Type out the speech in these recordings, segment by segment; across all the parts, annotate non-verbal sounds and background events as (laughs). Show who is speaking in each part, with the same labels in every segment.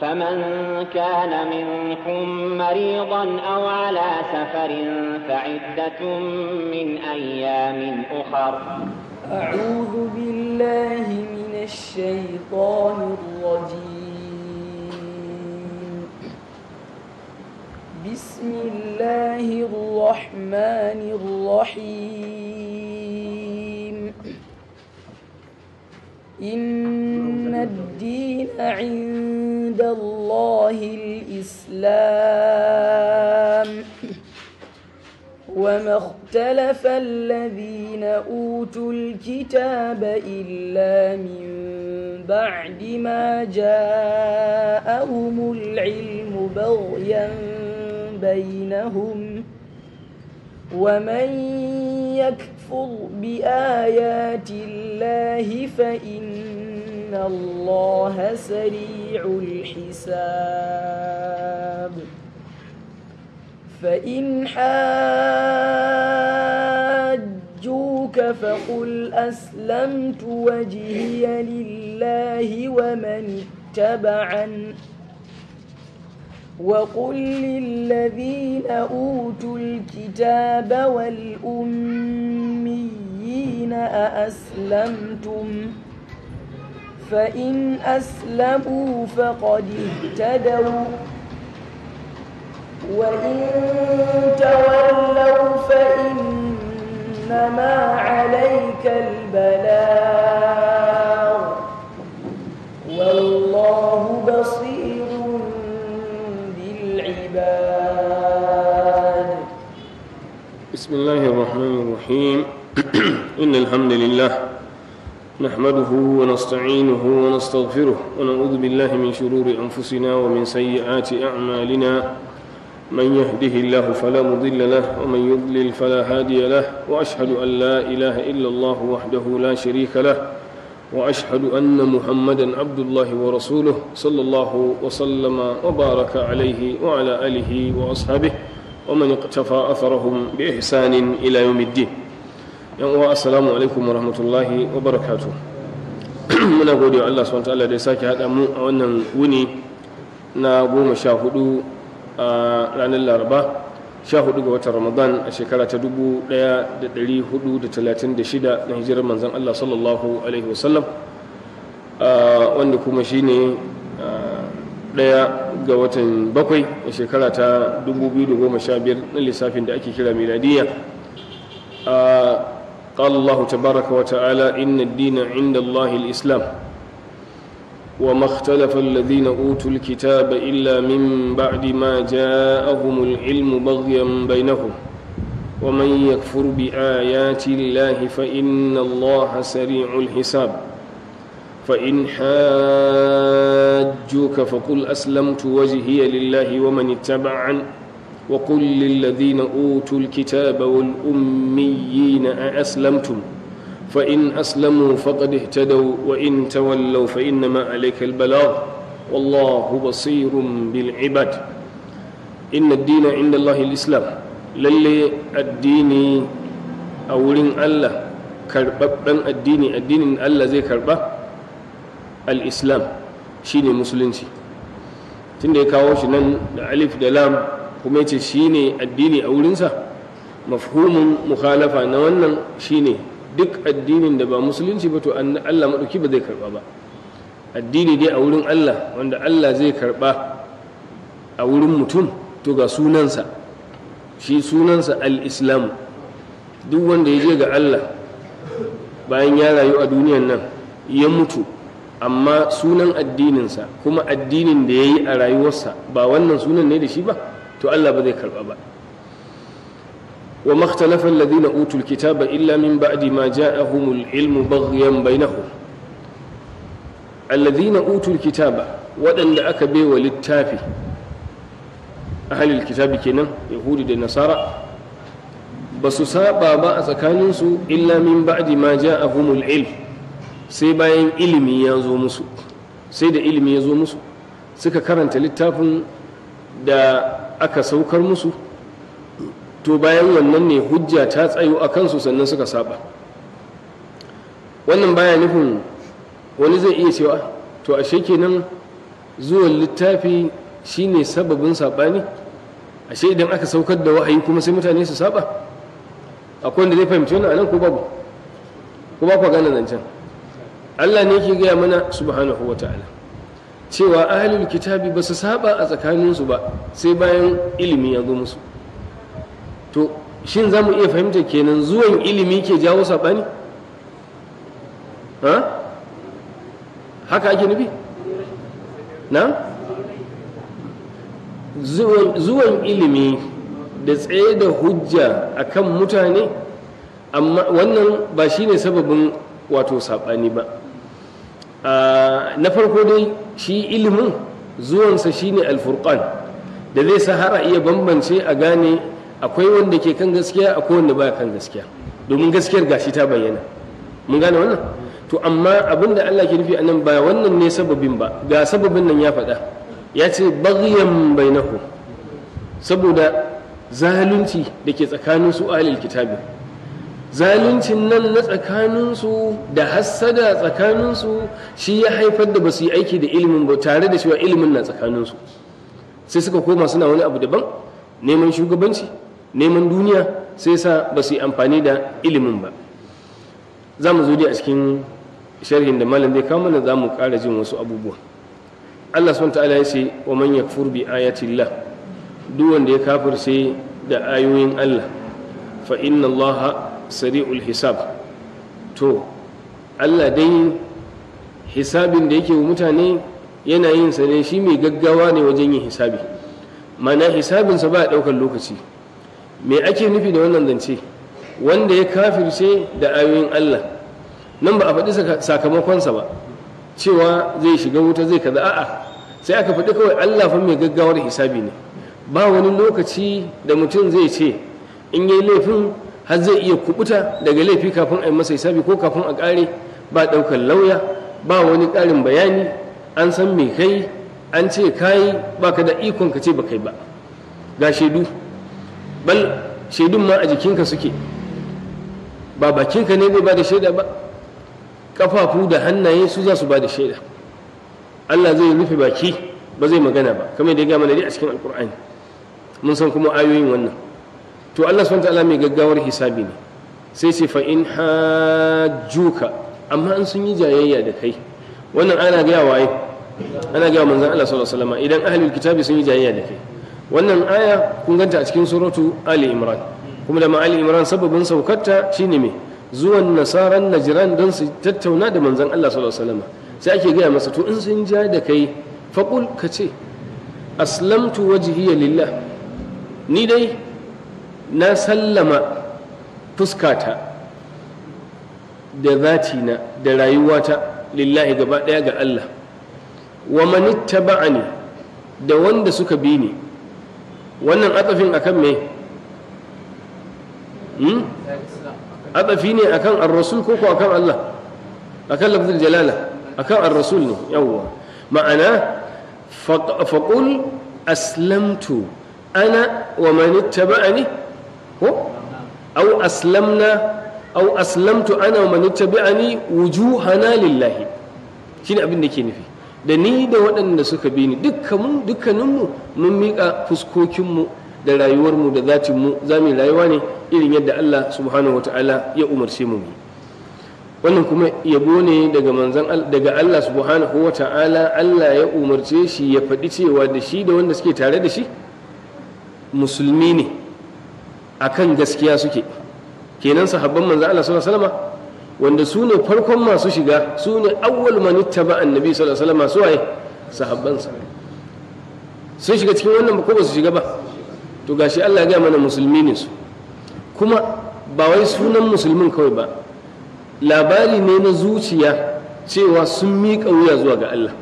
Speaker 1: فمن
Speaker 2: كان منكم مريضا أو على سفر فعدة من أيام أخر أعوذ
Speaker 1: بالله من الشيطان الرجيم بسم الله الرحمن الرحيم إن الدين عند عند الله الإسلام (laughs) وما اختلف الذين أوتوا الكتاب إلا من بعد ما جاءهم العلم بغيا بينهم ومن يكفر بآيات الله فإن إن الله سريع الحساب فإن حاجوك فقل أسلمت وجهي لله ومن اتبعن وقل للذين أوتوا الكتاب والأميين أأسلمتم ؟ فإن أسلموا فقد اهتدوا وإن تولوا فإنما عليك البلاغ والله بصير بالعباد
Speaker 2: بسم الله الرحمن الرحيم (clears throat) إن الحمد لله نحمده ونستعينه ونستغفره ونعوذ بالله من شرور انفسنا ومن سيئات اعمالنا من يهده الله فلا مضل له ومن يضلل فلا هادي له واشهد ان لا اله الا الله وحده لا شريك له واشهد ان محمدا عبد الله ورسوله صلى الله وسلم وبارك عليه وعلى اله واصحابه ومن اقتفى اثرهم باحسان الى يوم الدين yan uwa assalamu alaikum wa rahmatullahi wa barakatu (clears throat) muna gode wa Allah subhanahu ta'ala da ya sake haɗa mu a wannan wuni na goma sha hudu a ranar laraba sha hudu ga watan ramadan a shekara ta dubu ɗaya da ɗari hudu da talatin da shida na hijirar manzan Allah sallallahu alaihi wasallam wanda kuma shine ɗaya ga watan bakwai a shekara ta dubu biyu da goma sha biyar na lissafin da ake kira miladiyya قال الله تبارك وتعالى إن الدين عند الله الإسلام وما اختلف الذين أوتوا الكتاب إلا من بعد ما جاءهم العلم بغيا بينهم ومن يكفر بآيات الله فإن الله سريع الحساب فإن حاجوك فقل أسلمت وجهي لله ومن اتبعني وقل للذين أوتوا الكتاب والأميين أأسلمتم فإن أسلموا فقد اهتدوا وإن تولوا فإنما عليك البلاغ والله بصير بالعباد إن الدين عند الله الإسلام للي الدين أولين الله كربان الدين الدين الله زي كربا الإسلام شيني مسلمتي تندي كاوش نن ألف دلام kuma ce shi ne addini a wurinsa mafhumin mukhalafa na wannan shi ne duk addinin da ba musulunci ba to Allah maɗauki ba zai karɓa ba addini dai a wurin Allah wanda Allah zai karɓa a wurin mutum to ga sunansa shi sunansa al-islam duk wanda ya je ga Allah bayan ya rayu a duniyan nan ya mutu amma sunan addininsa kuma addinin da ya yi a rayuwarsa ba wannan sunan ne da shi ba to Allah ba zai karba ba wa makhtalafa alladhina utul kitaba illa min ba'di ma ja'ahumul ilmu baghyan bainahum alladhina utul kitaba waɗanda aka baiwa littafi ahalil kitabi kenan yahudi da nasara ba su saba ba a tsakaninsu illa min ba'di ma ja'ahumul ilm sai bayan ilimi ya zo musu sai da ilimi ya zo musu suka karanta littafin da aka saukar musu to bayan wannan ne hujja ta tsayo a kansu sannan suka saba wannan baya nufin wani zai iya cewa to ashe kenan zuwan littafi shine sababin saɓani ashe idan aka saukar da wa'ayi kuma sai mutane su saba akwai wanda zai fahimci wannan anan ko babu ko ba ku gane zancen Allah ne yake gaya mana subhanahu wa ta'ala cewa ahalin kitabi ba su saba a tsakaninsu ba sai bayan ilimi ya zo musu to shin za mu iya fahimta kenan zuwan ilimi ke jawo saɓani ha haka ake nufi na zuwan ilimi da tsaye da hujja akan mutane amma wannan ba shine sababin wato saɓani ba na farko dai shi ilimin zuwansa shine alfurqan da zai sa har iya bambance a gane akwai wanda ke kan gaskiya a wanda baya kan gaskiya domin gaskiyar gashi ta bayyana mun gane wannan to amma abin da Allah ke nufi a nan ba wannan ne sababin ba ga sababin nan ya faɗa ya ce bagyan bainaku. saboda zalunci da ke tsakanin su alil kitabin. zaluncin nan na tsakaninsu da hassada tsakaninsu shi ya haifar da ba su yi aiki da ilimin ba tare da cewa ilimin na tsakaninsu sai suka koma suna wani abu daban neman shugabanci neman duniya sai sa ba su yi amfani da ilimin ba za mu zo dai a cikin sharhin da malam zai kawo mana za mu ƙara jin wasu abubuwa allah sun ta'ala ya ce wa man furbi bi ayatillah duk wanda ya kafirce da ayoyin allah fa inna allaha sari'ul hisab to allah dai hisabin da yake wa mutane yana yin sa ne shi mai gaggawa ne wajen yin hisabi mana hisabinsa ba a ɗaukar lokaci me ake nufi da wannan zance wanda ya kafirce da ayoyin allah nan ba a faɗi sakamakonsa ba cewa zai shiga wuta zai kaza a'a sai aka faɗi kawai allah fa mai gaggawar hisabi ne ba wani lokaci da mutum zai ce in yi laifin har zai iya kubuta daga laifi kafin a yi masa hisabi ko kafin a kare ba ɗaukan lauya ba wani ƙarin bayani an san me kai an ce kayi ba ka da ikon ka ce ba kai ba ga shaidu bal shaidun ma a jikinka suke ba bakinka ne bai ba da shaida ba kafafu da hannaye su za su ba da shaida Allah zai rufe baki ba zai magana ba kamar da ya gama da a cikin alkur'ani mun san kuma ayoyin wannan to Allah subhanahu ta'ala mai gaggawar hisabi ne sai ce fa in hajjuka amma an sun yi jayayya da kai wannan ana ga waye ana gaya wa manzan Allah sallallahu alaihi wasallam idan ahlul kitabi sun yi jayayya da kai wannan aya kun ganta a cikin suratu ali imran kuma da ma ali imran sababin saukarta shine me zuwan nasaran najiran don su tattauna da manzan Allah sallallahu alaihi wasallam sai ake gaya masa to in sun ja da kai faqul ka ce aslamtu wajhiya lillah ni dai na sallama fuskata da zatina da rayuwata lillahi gaba ɗaya ga Allah wa ba'ani. da wanda suka bi ni wannan atsafin akan me hmm? atsafi ne akan ar-rasul ko akan Allah akan lafzul jalala akan ar-rasul ne yawwa ma'ana faqul aslamtu ana wa ba'ani. ko au aslamna au aslamtu ana wa ni wuju wujuhana lillahi ne abin da ke nufi da ni da waɗanda suka bi ni dukkaninmu mun miƙa fuskokinmu da rayuwarmu da zatinmu za mu rayuwa ne irin yadda Allah subhanahu wa ta'ala ya umarce mu yi wannan kuma yabo ne daga manzan daga Allah subhanahu wa ta'ala Allah ya umarce shi ya faɗi cewa da shi da wanda suke tare da shi musulmi ne akan gaskiya suke kenan sahabban manzo Allah sallallahu alaihi wasallam wanda su ne farkon masu shiga su ne awwal man ittaba annabi sallallahu alaihi wasallam su waye sahabban sa sun shiga cikin wannan ba ko ba su shiga ba to gashi Allah ya ga mana musulmi ne su kuma ba wai sunan musulmin kawai ba labari ne na zuciya cewa sun miƙa wuya zuwa ga Allah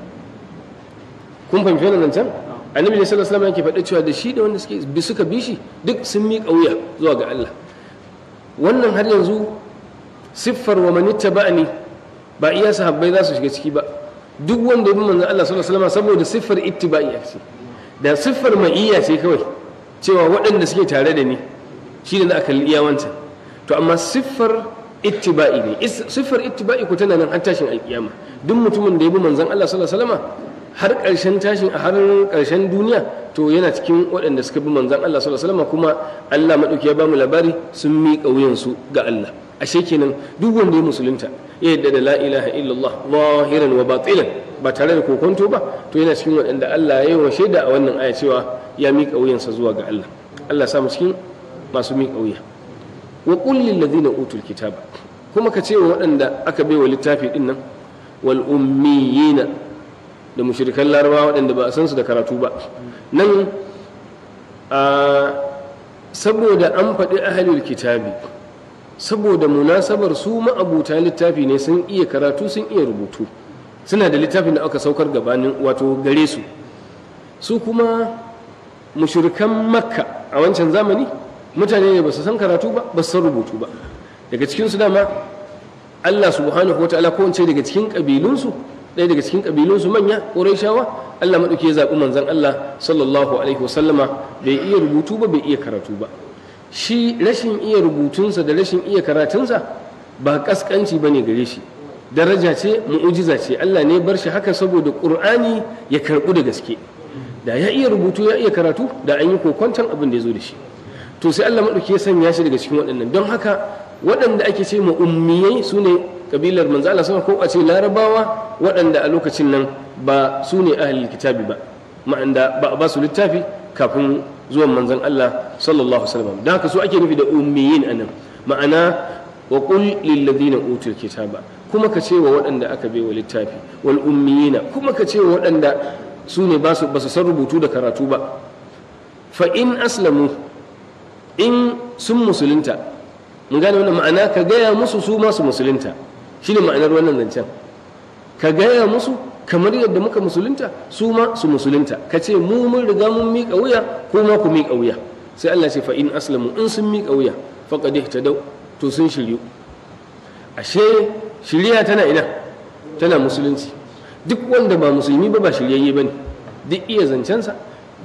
Speaker 2: kun fahimci nan can annabi sallallahu alaihi wasallam yake faɗa cewa da shi da wanda suke bi suka bi shi duk sun miƙa wuya zuwa ga Allah wannan har yanzu siffar wa man ittaba'ani ba iya sahabbai za su shiga ciki ba duk wanda ya bi manzon Allah sallallahu alaihi wasallam saboda siffar ittiba'i ce da siffar ma'iyya ce kawai cewa waɗanda suke tare da ni shi ne na akalli iya wancan to amma siffar ittiba'i ne siffar ittiba'i ku tana nan har tashin alkiyama duk mutumin da ya bi manzon Allah sallallahu alaihi wasallam har ƙarshen tashin a har ƙarshen duniya to yana cikin waɗanda suka bi manzan Allah sallallahu alaihi kuma Allah maɗauki ya ba mu labari sun miƙa wuyansu ga Allah ashe kenan duk wanda ya musulunta ya yadda da la ilaha illallah zahiran wa batilan ba tare da kokonto ba to yana cikin waɗanda Allah ya yi wa shaida a wannan aya cewa ya miƙa wuyansa zuwa ga Allah Allah samu cikin masu miƙa wuya wa qul lil ladina utul kitaba kuma ka ce wa waɗanda aka bai wa littafi ɗin nan wal ummiyina da mushrikan larabawa waɗanda ba a san su da karatu ba nan a saboda an faɗi ahalul kitabi saboda munasabar su ma'abuta littafi ne sun iya karatu sun iya rubutu suna da littafin da aka saukar gabanin wato gare su su kuma mushrikan makka a wancan zamani mutane ne ba su san karatu ba ba su san rubutu ba daga cikinsu dama allah subhanahu wa ta'ala ko daga cikin ƙabilunsu ɗaya daga cikin su manya ƙurayshawa Allah maɗauki ya zaɓi manzon Allah sallallahu alaihi wasallama bai iya rubutu ba bai iya karatu ba shi rashin iya rubutunsa da rashin iya karatunsa ba ƙasƙanci ba ne gare shi daraja ce mu'ujiza ce Allah ne bar shi haka saboda Qur'ani ya karɓu da gaske da ya iya rubutu ya iya karatu da an yi kokwanton abin da ya zo da shi to sai Allah maɗauki ya sanya shi daga cikin waɗannan don haka waɗanda ake ce ma ummiyai su ne kabilar manzo Allah sama ko a ce larabawa waɗanda a lokacin nan ba su ne ahlul kitabi ba ma'anda ba ba su littafi kafin zuwan Manzan. Allah sallallahu alaihi wasallam dan haka su ake nufi da ummiyin anan ma'ana wa qul lil ladina utul kitaba kuma ka ce wa waɗanda aka wa littafi wal ummiyina kuma ka ce wa waɗanda su ne ba su san rubutu da karatu ba fa in aslamu in sun musulunta mun gane wannan ma'ana ka gaya musu su masu musulunta ne ma'anar wannan zancen ka gaya musu kamar yadda muka musulunta su ma su musulunta ka ce mu mun riga mun miƙa wuya ko ma ku miƙa wuya sai Allah ce fa in aslamu in sun miƙa wuya ta ihtadaw to sun shiryu ashe shiriya tana ina tana musulunci duk wanda ba musulmi ba ba shiryayye bane duk iya zancensa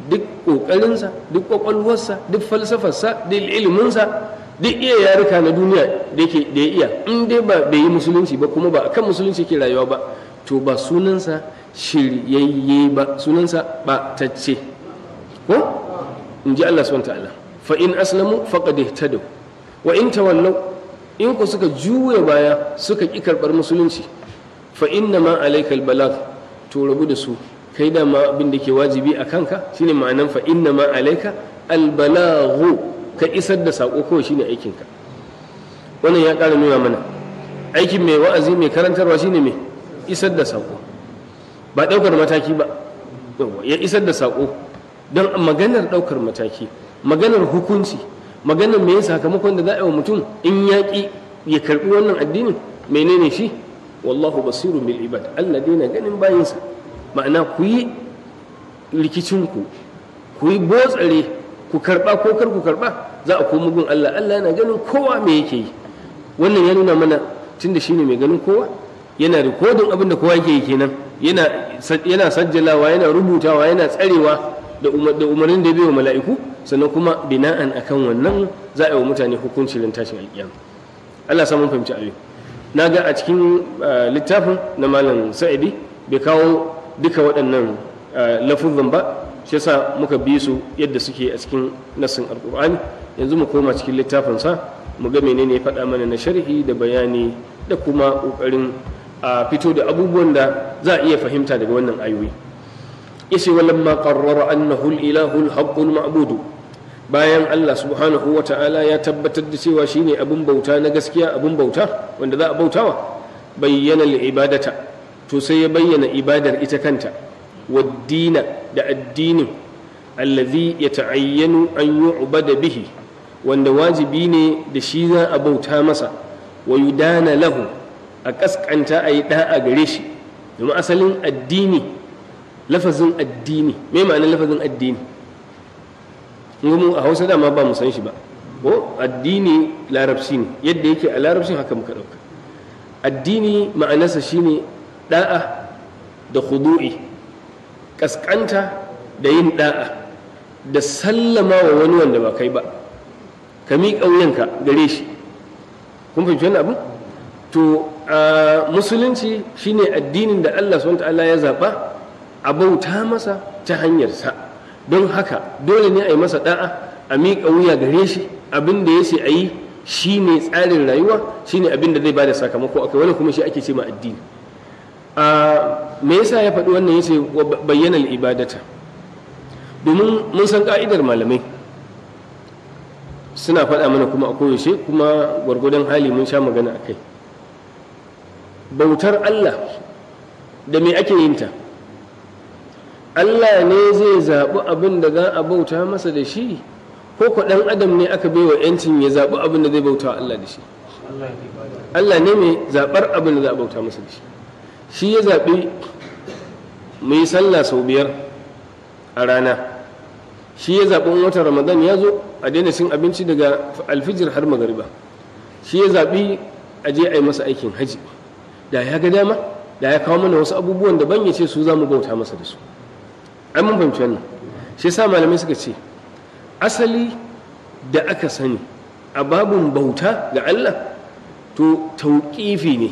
Speaker 2: duk ƙoƙarinsa duk ƙwaƙwalwarsa duk falsafarsa duk ilminsa duk iya yaruka na duniya da yake ya iya in dai ba bai yi musulunci ba kuma ba a kan musulunci ke rayuwa ba to ba sunansa shiryayye ba sunansa ba ce. ko in ji Allah subhanahu fa in aslamu faqad ihtadu wa in tawallaw in ku suka juya baya suka ki karbar musulunci fa inna ma alayka to rabu da su kai da ma abin da ke wajibi a kanka shine ma'anan fa inna ma alayka ka isar da sako kawai shine aikinka wannan ya ƙara nuna mana aikin mai wa'azi mai karantarwa shine mai isar da sako ba ɗaukar mataki ba ya isar da sako don maganar ɗaukar mataki maganar hukunci maganar me sakamakon da za a yi wa mutum in yaƙi ya karɓi wannan addinin menene shi wallahu basiru bil ibad Allah dai na ganin bayinsa ma'ana ku yi rikicinku ku yi botsare ku karɓa ko kar ku karɓa za a koma gun Allah Allah yana ganin kowa me yake yi wannan ya nuna mana tunda shine mai ganin kowa yana rikodin abin da kowa yake yi kenan yana yana sajjalawa yana rubutawa yana tsarewa da umarnin da bai wa mala'iku sannan kuma bina'an akan wannan za a yi wa mutane hukuncin tashin alƙiyama Allah samun fahimci abin. na ga a cikin eh, littafin na malam sa'idi bai kawo duka waɗannan eh, lafuzan ba shi yasa muka bi su yadda suke a cikin nassin alƙur'ani yanzu mu koma cikin littafinsa sa mu ga menene ya faɗa mana na sharhi da bayani da kuma ƙoƙarin a fito da abubuwan da za a iya fahimta daga wannan ayoyi yace walamma qarrara annahu al-ilahu al-haqqul ma'budu bayan Allah subhanahu wa ta'ala ya tabbatar da cewa shine abin bauta na gaskiya abin bauta wanda za a bautawa bayyana al-ibadata to sai ya bayyana ibadar ita kanta waddina da addinin allazi yata'ayyanu an yu'bada bihi wanda wajibi ne da shi za a bauta masa wa yudana lahu a kaskanta a yi da'a gare shi domin asalin addini lafazin addini mai ma'anar lafazin addini mu a hausa dama ba mu san shi ba ko addini larabci ne yadda yake a larabcin haka muka ɗauka addini ma'anarsa ne da'a da hudu'i kaskanta da yin da'a da sallama wa wani wanda ba kai ba ka miƙa wuyanka gare shi kun fahimci wannan abin to musulunci shine addinin da Allah subhanahu ta'ala ya zaba a bauta masa ta hanyarsa don haka dole ne a yi masa da'a a miƙa wuya gare shi abin da ya ce a yi shi ne tsarin rayuwa shine abin da zai da sakamako akai wani kuma shi ake ce ma addini me yasa ya faɗi wannan ya ce bayyana ibadata domin mun san ka'idar malamai suna faɗa mana kuma a koyaushe kuma gwargwadon hali mun sha magana a kai bautar allah da me ake yin ta allah ne zai zaɓi abin da za a bauta masa da shi ko kwaɗan adam ne aka baiwa yancin ya zaɓi abin da zai bauta wa allah da shi allah ne mai zaɓar abin da za a bauta masa da shi shi ya zaɓi mu sallah sau biyar a rana shi ya zaɓi watan ramadan ya zo a daina cin abinci daga alfijir har magariba shi ya zaɓi a je a yi masa aikin haji da ya ga dama da ya kawo mana wasu abubuwan da ban yace su za mu bauta masa da su an mun fahimci wannan shi yasa malamai suka ce asali da aka sani a babun bauta ga Allah to tauƙifi ne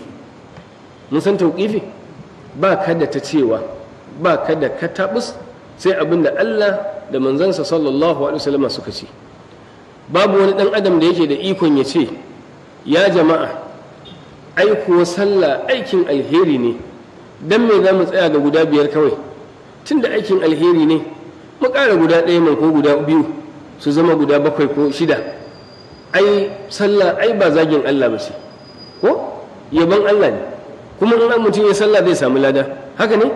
Speaker 2: mun san tauƙifi ba kada ta cewa ba kada ka taɓus sai abin da Allah da manzansa sallallahu alaihi wasallam suka ce babu wani dan adam da yake da ikon ya ce ya jama'a ai kuwa sallah aikin alheri ne dan me za mu tsaya ga guda biyar kawai tunda aikin alheri ne mu ƙara guda ɗaya mai ko guda biyu su zama guda bakwai ko shida ai sallah ai ba zagin Allah ba ce ko yaban Allah ne kuma in mutum ya sallah zai samu lada haka ne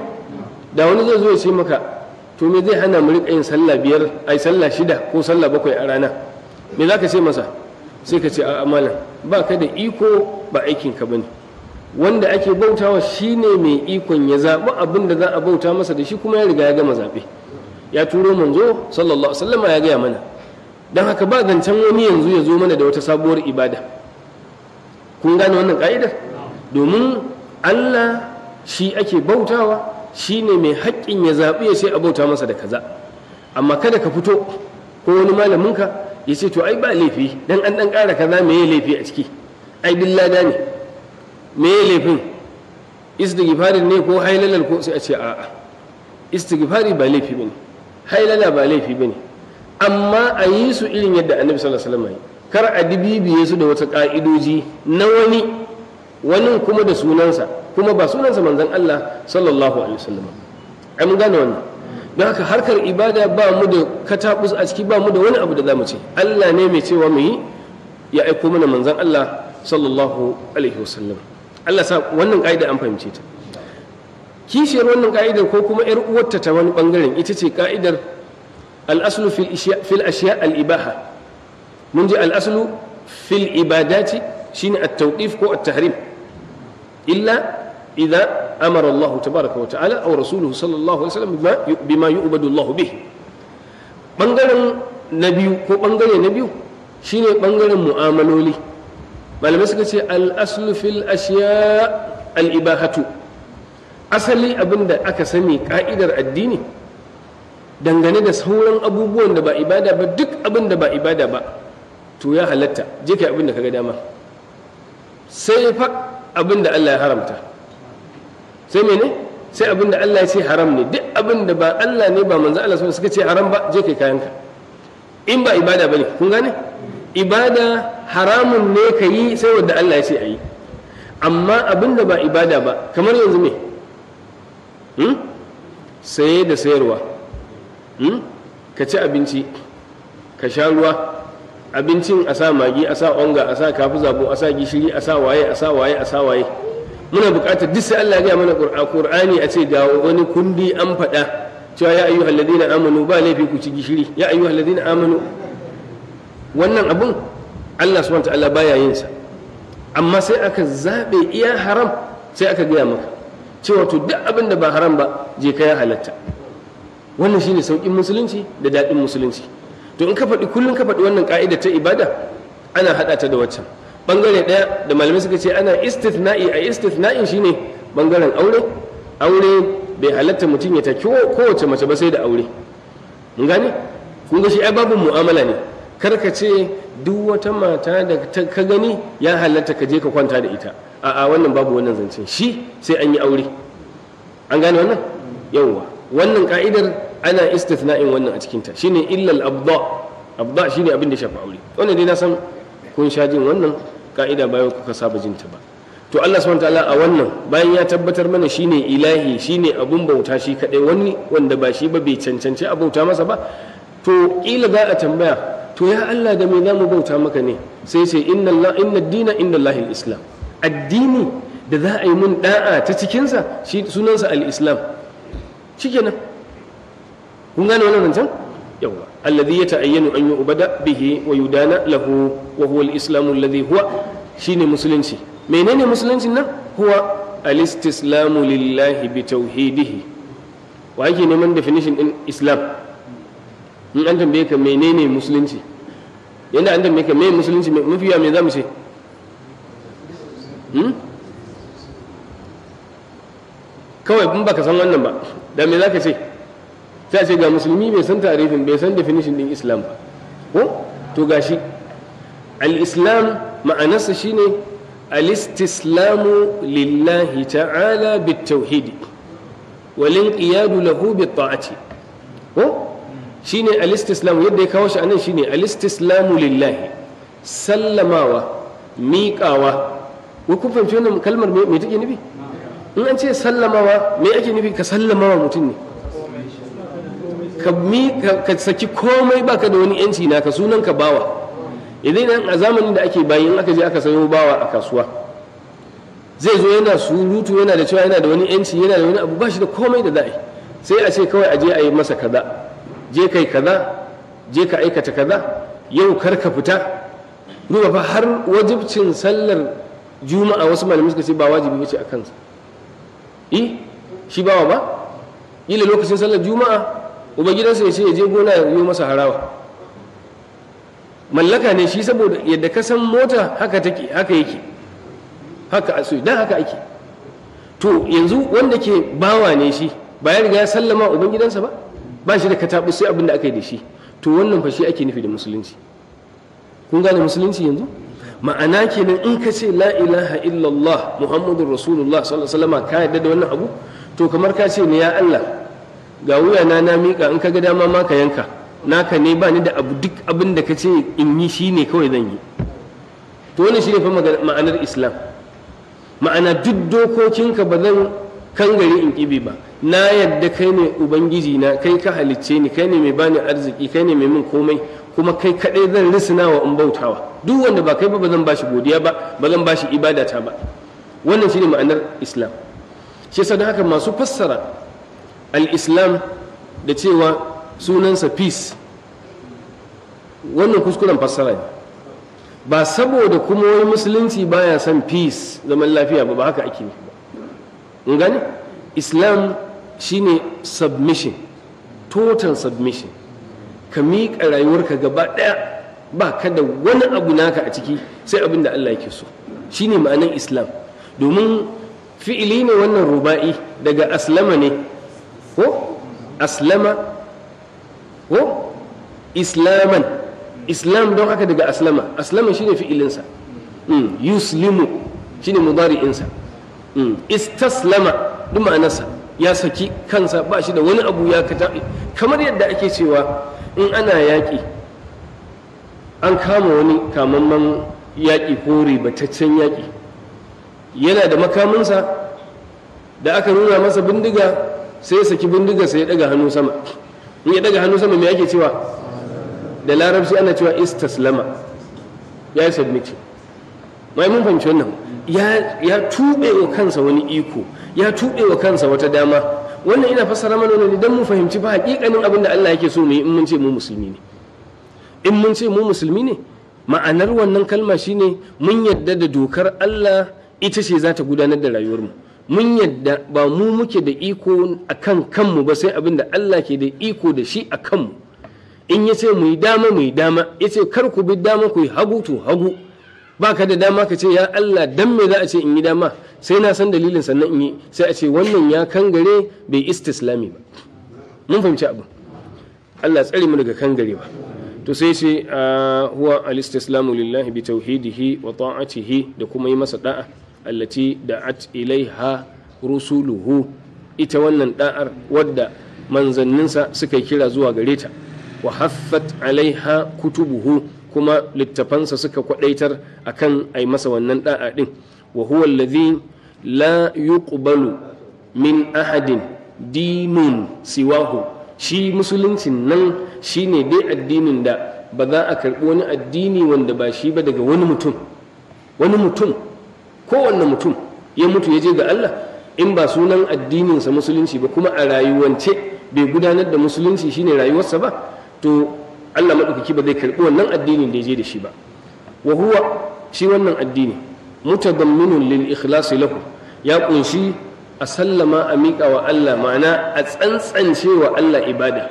Speaker 2: da wani zai zo ya ce maka to me zai hana mu riƙa yin sallah biyar ai sallah shida ko sallah bakwai a rana me za ka ce masa sai ka ce a amana. ba ka da iko ba aikin ka bane wanda ake bautawa shine mai ikon ya zaɓi abin da za a bauta masa da shi kuma ya riga ya gama zaɓe ya turo manzo sallallahu alaihi wasallama ya gaya mana don haka ba zancen wani yanzu ya zo mana da wata sabuwar ibada kun gane wannan ka'idar domin allah shi ake bautawa Shi ne mai haƙƙin ya zaɓi ya ce abauta masa da kaza amma kada ka fito ko wani malaminka ya ce to ai ba laifi dan an ɗan ƙara kaza me ya laifi a ciki ai duk lada ne me ya laifin istighfari ne ko hailalar ko sai a ce a'a istighfari ba laifi bane hailala ba laifi bane amma a yi su irin yadda annabi sallallahu alaihi wasallam kar a dibibiye su da wata ka'idoji na wani wani kuma da sunansa kuma ba sunansa manzon Allah sallallahu alaihi wasallam ai mun gane wannan don haka harkar ibada ba mu da katabus a ciki ba mu da wani abu da zamu ce Allah ne mai cewa mu yi ya aiko mana manzon Allah sallallahu alaihi wasallam Allah sa wannan ka'ida an fahimce ta kishiyar wannan ka'idar ko kuma yar uwarta ta wani bangaren ita ce ka'idar al'aslu fil ashiya al mun ji al'aslu aslu fil ibadati shine at-tawqif ko at-tahrim illa idza amara Allah tabaraka wa ta'ala aw rasuluhu sallallahu alaihi wasallam bima yu'badu Allah bih bangaren na biyu ko bangare na biyu shine bangaren mu'amaloli malamai suka ce al aslu ashiya al ibahatu asali abinda aka sani ka'idar addini dangane da sauran abubuwan da ba ibada ba duk abin da ba ibada ba to ya halatta je kai abin da kaga dama sai fa abin da Allah ya haramta sai mene sai abin da Allah ya ce haram ne duk abin da ba Allah ne ba manzo Allah suka ce haram ba je kai kayanka in ba ibada bane kun gane ibada haramun ne ka yi sai wanda Allah ya ce a yi amma abin da ba ibada ba kamar yanzu me hmm? saye da sayarwa hmm? ka ci abinci ka sha ruwa abincin a sa magi a sa onga a sa kafi zabo a sa gishiri a sa waye a sa waye a sa waye muna buƙatar duk sai Allah ya mana Qur'ani a ce ga wani kundi an faɗa cewa ya ayyuhal ladina amanu ba laifi ku ci gishiri ya ayyuhal ladina amanu wannan abun Allah subhanahu ta'ala baya yin sa amma sai aka zabe iya haram sai aka gaya maka cewa to duk abin da ba haram ba je ka ya halatta wannan shine saukin musulunci da daɗin musulunci to in ka faɗi kullum ka faɗi wannan ka'ida ta ibada ana haɗa ta da waccan bangare ɗaya da malamai suka ce ana istithna'i a shi shine bangaren aure aure bai halatta mutum ya ta kowace mace ba sai da aure mun gane kun ga shi ai babu mu'amala ne kar ka ce duk wata mata da ka gani ya halatta ka je ka kwanta da ita a'a wannan babu wannan zancen shi sai an yi aure an gane wannan yawwa wannan ka'idar ana istithna'in wannan a cikin shine illal abda abda shine abin da shafi aure wannan dai na san kun sha jin wannan ka'ida bayan kuka saba jin ta ba to Allah subhanahu wataala a wannan bayan ya tabbatar mana shine ilahi shine abun bauta shi kadai wani wanda ba shi ba bai cancanci a bauta masa ba to kila za a tambaya to ya Allah da me za mu bauta maka ne sai ce inna Allah inna dina inda Allah islam addini da za a yi mun da'a ta cikinsa shi sunansa al-islam shikenan kun gane wannan rancen yawwa alladhi yata'ayyanu an yu'bada bihi wa yudana lahu wa huwa al-islamu alladhi huwa shine musulunci menene musulunci nan huwa al-istislamu lillahi bi tauhidihi wa yake neman definition din islam in an tambaye ka menene musulunci yanda an tambaye ka me musulunci mafi yawa me zamu ce hmm? kawai in baka san wannan ba da me zaka ce sai a ce ga musulmi bai san tarifin bai san definition din islam ba ko to gashi al-islam ma'anarsa shine al-istislamu lillahi ta'ala bit-tauhid wal inqiyadu lahu bit-ta'ati ko shine al istislamu yadda ya kawo shi anan shine al-istislamu lillahi sallamawa miƙawa ko kun fahimci wannan kalmar me take nufi in an ce sallamawa me ake nufi ka sallamawa mutum ne ka saki komai baka da wani yanci naka sunan ka bawa idan nan a zamanin da ake bayi in aka je aka sayo bawa a kasuwa zai zo yana surutu yana da cewa yana da wani yanci yana da wani abu ba shi da komai da za'a sai a ce kawai a je a yi masa kaza je kai kaza je ka aikata kaza yau kar ka fita duba fa har wajibcin sallar juma'a wasu malamai suka ce ba wajibi bace a kansa eh shi bawa ba yi lokacin sallar juma'a ubangidansa ya ce ya je gona ya yi masa harawa mallaka ne shi saboda yadda ka san mota haka take haka yake haka asu dan haka ake to yanzu wanda ke bawa ne shi ba ya riga ya sallama ubangidansa ba ba shi da katabu sai abin da aka yi da shi to wannan fa shi ake nufi da musulunci kun gane musulunci yanzu ma'ana kenan in ka ce la ilaha illallah muhammadur rasulullah sallallahu alaihi wasallam ka yadda da wannan abu to kamar ka ce ne ya Allah ga wuya na na mika in ga dama ma ka yanka naka ne ba ni da abu duk abin da ka ce in yi shi ne kawai zan yi to wannan shine fa ma'anar islam ma'ana duk dokokinka ba zan kangare in kibi ba na yadda kai ne ubangiji na kai ka halicce ni kai ne mai bani arziki kai ne mai min komai kuma kai kadai zan risinawa in bautawa duk wanda ba kai ba ba zan bashi godiya ba ba zan bashi ibadata ba wannan shine ma'anar islam shi yasa haka masu fassara Al'islam da cewa sunansa peace wannan kuskuren fassara ne ba saboda kuma wani musulunci baya son peace zaman lafiya ba ba haka ake ne. ba gani islam shine submission total submission ka miƙa rayuwarka gaba ɗaya ba ka da wani abu naka a ciki sai abin da Allah yake so shine ma'anin islam domin fi'ili ne wannan ruba'i daga aslama ne ko aslama ko islaman islam don haka daga aslama aslama shine fi'ilinsa hmm. yuslimu shine mudari'insa hmm. istaslama duk ma'anarsa ya saki kansa ba shi da wani abu ya kata kamar yadda ake cewa in ana yaƙi an kama wani kamamman yaƙi ko ribataccen yaƙi yana da makaminsa da aka nuna masa bindiga sai ya saki bindiga sai ya daga hannu sama in ya daga hannu sama me ake cewa da larabci ana cewa istaslama ya yi sabmiti. mai mun fahimci wannan ya tuɓe wa kansa wani iko ya tuɓe wa kansa wata dama wannan ina fassara mana ne don mu fahimci ba hakikanin abin da Allah yake so mu yi in mun ce mu musulmi ne in mun ce mu musulmi ne ma'anar wannan kalma shine mun yadda da dokar Allah ita ce za ta gudanar da rayuwarmu mun yadda ba mu muke da iko a kan kanmu ba sai abin da Allah ke da iko da shi a kanmu in ya ce mu yi dama mu yi dama ya ce kar ku bi dama ku yi hagu to hagu Ba ka da dama ka ce ya Allah dan me za a ce in yi dama sai na san dalilin sannan in yi sai a ce wannan ya kangare bai istislami ba mun fahimci abu. Allah tsare mu daga kangare ba to sai ce ah, huwa al-istislamu lillahi bi tauhidihi wa ta'atihi da kuma yi masa da'a allati da'at ilaiha rusuluhu ita wannan da'ar wadda manzanninsa suka kira zuwa gare ta wa haffat alaiha kutubuhu kuma littafansa suka kwadaitar akan ai masa wannan da'a din wa huwa alladhi la yuqbalu min ahadin dinun siwahu shi musuluncin nan shine dai addinin da ba za a karbi wani addini wanda ba shi ba daga wani mutum wani mutum kowanne mutum ya mutu ya je ga Allah in ba sunan addininsa musulunci ba kuma a rayuwance bai gudanar da musulunci shine rayuwarsa ba to Allah maɗaukaki ba zai karɓi wannan addinin da ya je da shi ba wa huwa shi wannan addini mutadamminun lil ikhlasi lahu ya ƙunshi a sallama a miƙa wa Allah ma'ana a tsantsance wa Allah ibada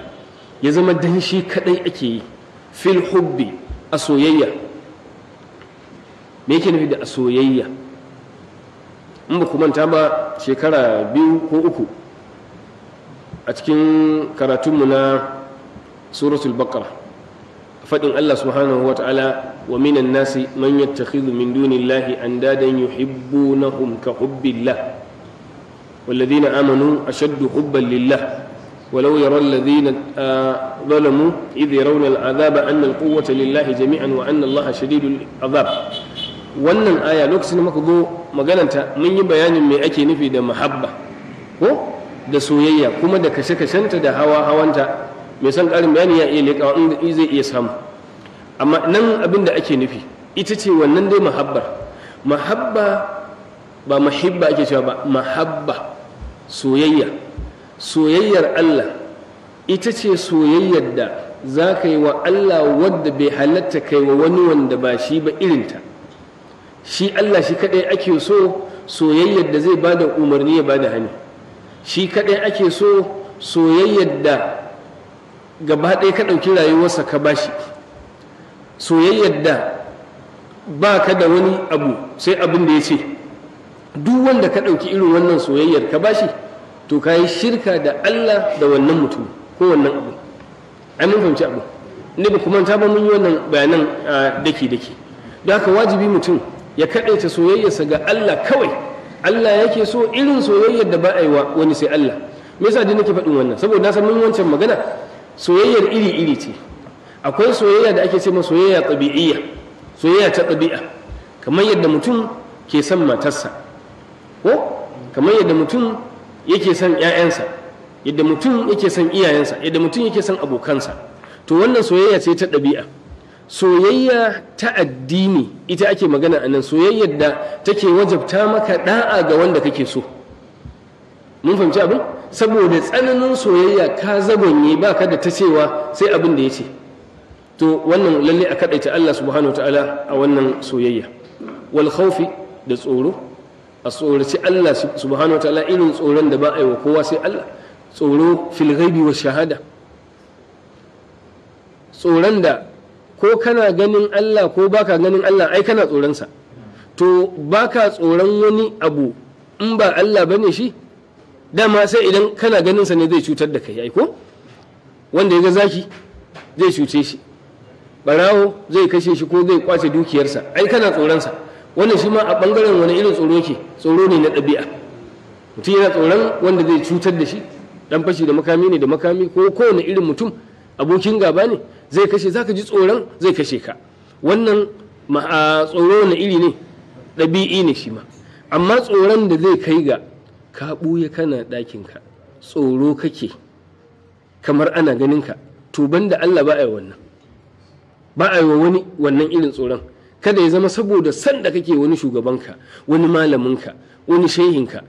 Speaker 2: ya zama dan shi kadai ake yi fil hubbi a soyayya me yake nufi da a soyayya in ba ku manta ba shekara biyu ko uku a cikin karatunmu na suratul baqara faɗin Allah subhanahu wa ta'ala wa minan nasi man yattakhidhu min dunillahi andadan yuhibbunahum ka hubbillah والذين آمنوا أشد حبا لله ولو يرى الذين ظلموا إذ يرون العذاب أن القوة لله جميعا وأن الله شديد العذاب wannan aya lokacin da muka zo magananta mun yi bayanin me ake nufi da mahabba ko da soyayya kuma da kashe-kashenta da hawa hawanta mai son ƙarin bayani ya iya leƙawa inda zai iya samu amma nan abin da ake nufi ita ce wannan dai mahabbar mahabba ba mahibba ake cewa ba mahabba soyayya soyayyar Allah ita ce soyayyar da za ka yi wa Allah wadda bai halatta kai wa wani wanda ba shi ba irinta shi Allah shi kaɗai ake so soyayyar da zai bada umarni ya bada hani shi kaɗai ake so soyayyar da gaba ɗaya ka ɗauki rayuwarsa ka bashi soyayyar da ba ka da wani abu sai abin da ya ce duk wanda ka ɗauki irin wannan soyayyar ka bashi to ka yi shirka da Allah da wannan mutum ko wannan abu an mun fahimci abu ne ba kuma ta ba mun yi wannan bayanan daki daki da haka wajibi mutum ya ta soyayyarsa ga Allah kawai Allah yake so irin soyayyar da ba a yi wa wani sai Allah me yasa dai nake faɗin wannan saboda na san mun wancan magana soyayyar iri iri ce akwai soyayya da ake ce ma soyayya tabi'iyya soyayya ta tabi'a kamar yadda mutum ke son matarsa ko kamar yadda mutum yake son ƴaƴansa yadda mutum yake son iyayensa yadda mutum yake son abokansa to wannan soyayya ce ta ɗabi'a soyayya ta addini ita ake magana a nan soyayyar da take wajabta maka da'a ga wanda kake so mun fahimci abin saboda tsananin soyayya ka zagonye ba ka da ta cewa sai abin da ya ce to wannan lalle a kaɗaita Allah subhanahu wa ta'ala a wannan soyayya wal khawfi da tsoro a tsoraci Allah subhanahu wa ta'ala irin tsoron da ba a yi wa kowa sai Allah tsoro fil ghaibi wa shahada tsoron da ko kana ganin Allah ko baka ganin Allah ai kana tsoronsa to baka tsoron wani abu in ba Allah bane shi dama sai idan kana ganin sa ne zai cutar da kai ai ko wanda ya ga zaki zai cuce shi barawo zai kashe shi ko zai kwace dukiyarsa ai kana tsoronsa wannan shi ma a bangaren wani irin tsoro ke tsoro ne na ɗabi'a mutum yana tsoron wanda zai cutar da shi dan fashi da makami ne da makami ko kowane irin mutum abokin gaba ne zai kashe zaka ji tsoron zai kashe ka wannan tsoro na iri ne ɗabi'i ne shi ma amma tsoron da zai kai ga ka ɓuya kana ɗakinka tsoro kake kamar ana ganinka to banda Allah ba a yi wannan ba a yi wa wani wannan irin tsoron kada ya zama saboda san da kake wani shugabanka wani malaminka wani shehinka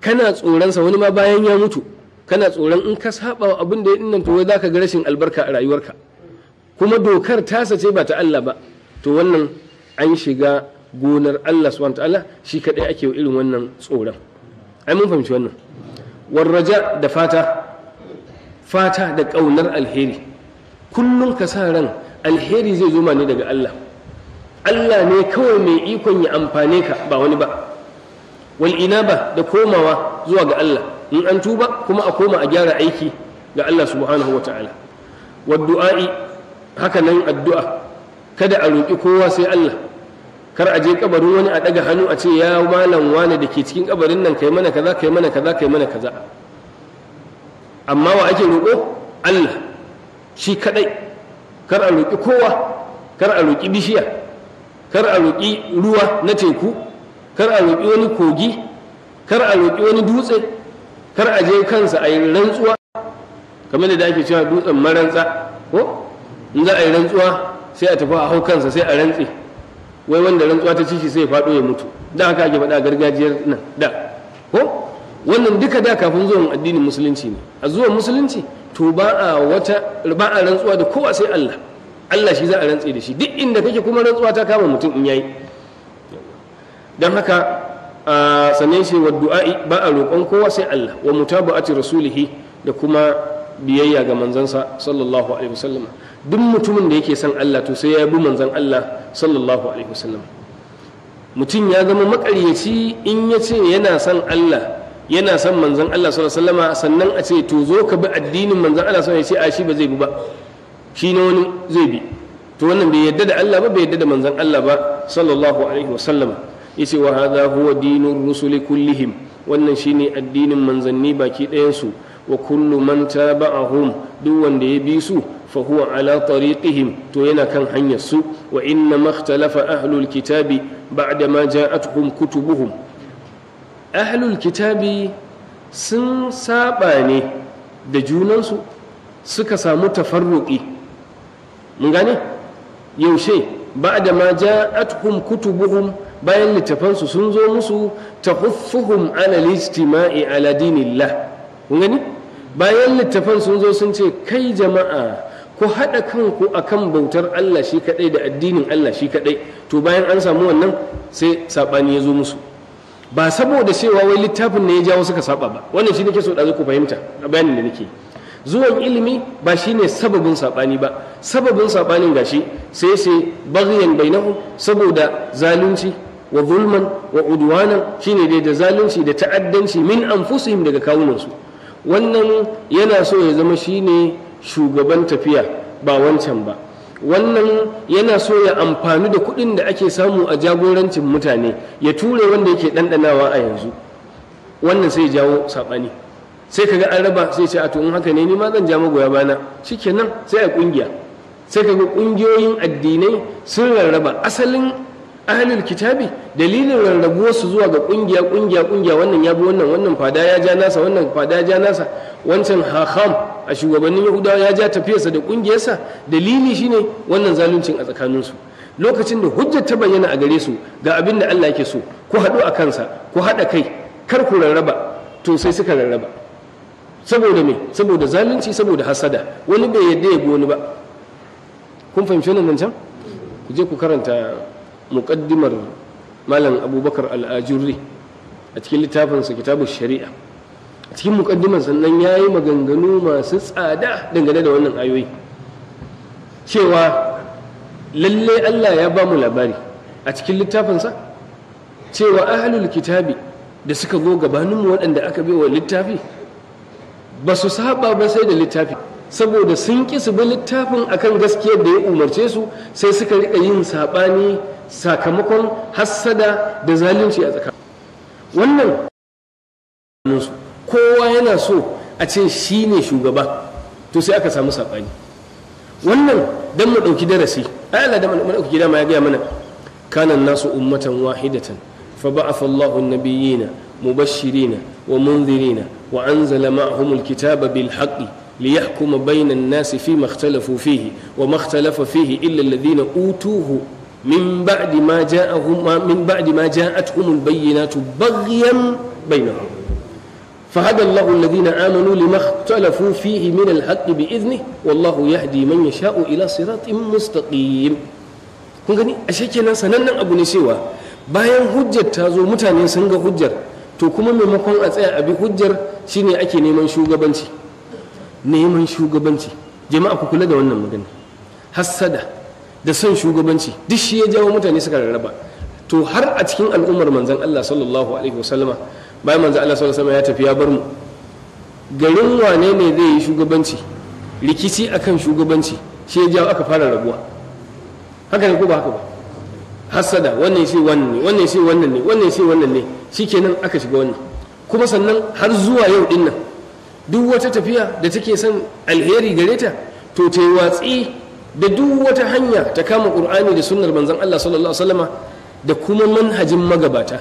Speaker 2: kana tsoronsa wani ma bayan ya mutu kana tsoron in ka saba abin da ya dinnan to za ka ga rashin albarka a rayuwarka kuma dokar ta sace ba ta Allah ba to wannan an shiga gonar Allah subhanahu ta'ala shi kadai ake irin wannan tsoron ai mun fahimci wannan warraja da fata fata da kaunar alheri kullum ka sa ran alheri zai zo ne daga Allah Allah ne kawai mai ikon ya amfane ka ba wani ba wal inaba da komawa zuwa ga Allah in an tuba kuma a koma a gyara aiki ga Allah subhanahu wa ta'ala waddu'a'i haka nan addu'a kada a roƙi kowa sai Allah kar a je kabarin wani a ɗaga hannu a ce ya malam wani da ke cikin kabarin nan kai mana kaza kai mana kaza kai mana kaza amma wa ake roƙo Allah shi kadai kar a roƙi kowa kar a roƙi bishiya kar a roƙi ruwa na teku kar a roƙi wani kogi kar a roƙi wani dutse kar a je kansa a yi rantsuwa kamar da ake cewa dutsen marantsa ko in za a yi rantsuwa sai a tafi a hau kansa sai a rantse wai wanda rantsuwa ta ci shi sai ya faɗo ya mutu da haka ake faɗa gargajiyar nan da ko wannan duka da kafin zuwan addinin musulunci ne a zuwan musulunci to ba a wata ba a rantsuwa da kowa sai Allah Allah shi za a rantse da shi duk inda kake kuma rantsuwa ta kama mutum in yayi don haka sannan shi wa du'a'i ba a roƙon kowa sai Allah wa mutaba'ati rasulihi da kuma biyayya ga manzansa sallallahu alaihi wasallam duk mutumin da yake son Allah to sai ya bi manzan Allah sallallahu alaihi wasallam mutum ya zama makaryaci in ya ce yana son Allah yana son manzan Allah sallallahu alaihi wasallam sannan a ce to zo ka bi addinin manzan Allah sallallahu alaihi wasallam ya ce a shi ba zai bi ba shi ne wani zai bi to wannan bai yadda da Allah ba bai yadda da manzan Allah ba sallallahu alaihi wasallam yace wa hadha huwa dinur rusuli kullihim wannan shine addinin manzanni baki ɗayan su wa kullu man tabi'ahum duk wanda ya bi su fa huwa ala tariqihim to yana kan hanyar su wa inna makhtalafa ahlul kitabi ba'da ma ja'atuhum kutubuhum ahlul kitabi sun saba ne da junansu suka samu tafarruqi mun gane yaushe ba'da ma ja'atuhum kutubuhum bayan littafansu sun zo musu ta huffuhum ala ala dinillah gani bayan littafan sun zo sun ce kai jama'a ku haɗa kanku kan bautar Allah shi kaɗai da addinin Allah shi kaɗai to bayan an samu wannan sai saɓani ya zo musu ba saboda cewa wai littafin ne ya jawo suka saba ba wannan shi nake so da ku fahimta a bayanin da nake zuwan ilimi ba shi ne sababin saɓani ba sababin sabanin gashi sai sai baghyan bainahu saboda zalunci wa zulman wa udwana shine dai da zalunci da ta'addanci min anfusihim daga kawunansu wannan yana so ya zama shine shugaban tafiya ba wancan ba wannan yana so ya amfani da kuɗin da ake samu a jagorancin mutane ya ture wanda yake ɗanɗanawa a yanzu wannan sai jawo saɓani sai kaga an raba sai ce a to in haka ne ni ma zan ja magoya bana shikenan sai a ƙungiya sai kaga ƙungiyoyin addinai sun rarraba asalin ahlul kitabi dalilin rarrabuwar su zuwa ga kungiya kungiya kungiya wannan ya bi wannan wannan fada ya ja nasa wannan fada ya ja nasa wancan haham a shugabannin yahudawa ya ja tafiyarsa da kungiyarsa dalili shine wannan zaluncin a tsakanin su lokacin da hujjar ta bayyana a gare su ga abin da Allah yake so ku haɗu a kansa ku haɗa kai kar ku rarraba to sai suka rarraba saboda me saboda zalunci saboda hasada wani bai yadda ya wani ba kun fahimci wannan can ku je ku karanta muƙaddimar malam abubakar Al'ajirri, a cikin littafinsa kitabun shari'a a cikin muƙaddimar sannan ya yi maganganu masu tsada dangane da wannan ayoyi cewa lalle allah ya ba mu labari a cikin littafinsa cewa ahalul kitabi da suka zo gabaninmu waɗanda aka bi wa littafi ba su saba ba sai da littafi saboda sun ƙi su bi littafin akan gaskiyar da ya umarce su sai suka riƙa yin saɓani sakamakon hassada da zalunci a tsakanin wannan kowa yana so a ce shi ne shugaba to sai aka samu saɓani wannan dan mu ɗauki darasi ai Allah da mu ɗauki dama ya gaya mana kanan nasu ummatan wahidatan fa ba'atha Allahu an-nabiyyina mubashshirina wa munzirina wa anzala ma'ahum al-kitaba bil haqqi liyahkuma bayna an-nasi fima ikhtalafu fihi wa ma ikhtalafa fihi illa alladhina utuhu min ba'di ma ja'ahum min ba'di ma ja'atuhum al-bayyinatu baghyan bainahum فهدى الله الذين آمنوا لما اختلفوا فيه من الحق بإذنه والله يهدي من يشاء إلى صراط مستقيم kun gani ashe kenan sanannen abu ne cewa bayan hujjar ta zo mutane sun ga hujjar to kuma maimakon a tsaya a bi hujjar shine ake neman shugabanci neman shugabanci jama'a ku kula da wannan magana hassada da son shugabanci duk shi ya jawo mutane suka rarraba to har a cikin al'ummar manzan Allah sallallahu alaihi wasallama bayan manzan Allah sallallahu alaihi ya tafi ya bar mu garin wane ne zai yi shugabanci rikici akan shugabanci shi ya jawo aka fara rabuwa haka ne ko ba haka ba hassada wannan shi wannan ne wannan shi wannan ne wannan shi wannan ne shikenan aka shiga wannan kuma sannan har zuwa yau din nan duk wata tafiya da take son alheri gare ta to ta yi watsi da duk wata hanya ta kama ƙur'ani da sunar manzan Allah sallallahu alaihi da kuma manhajin magabata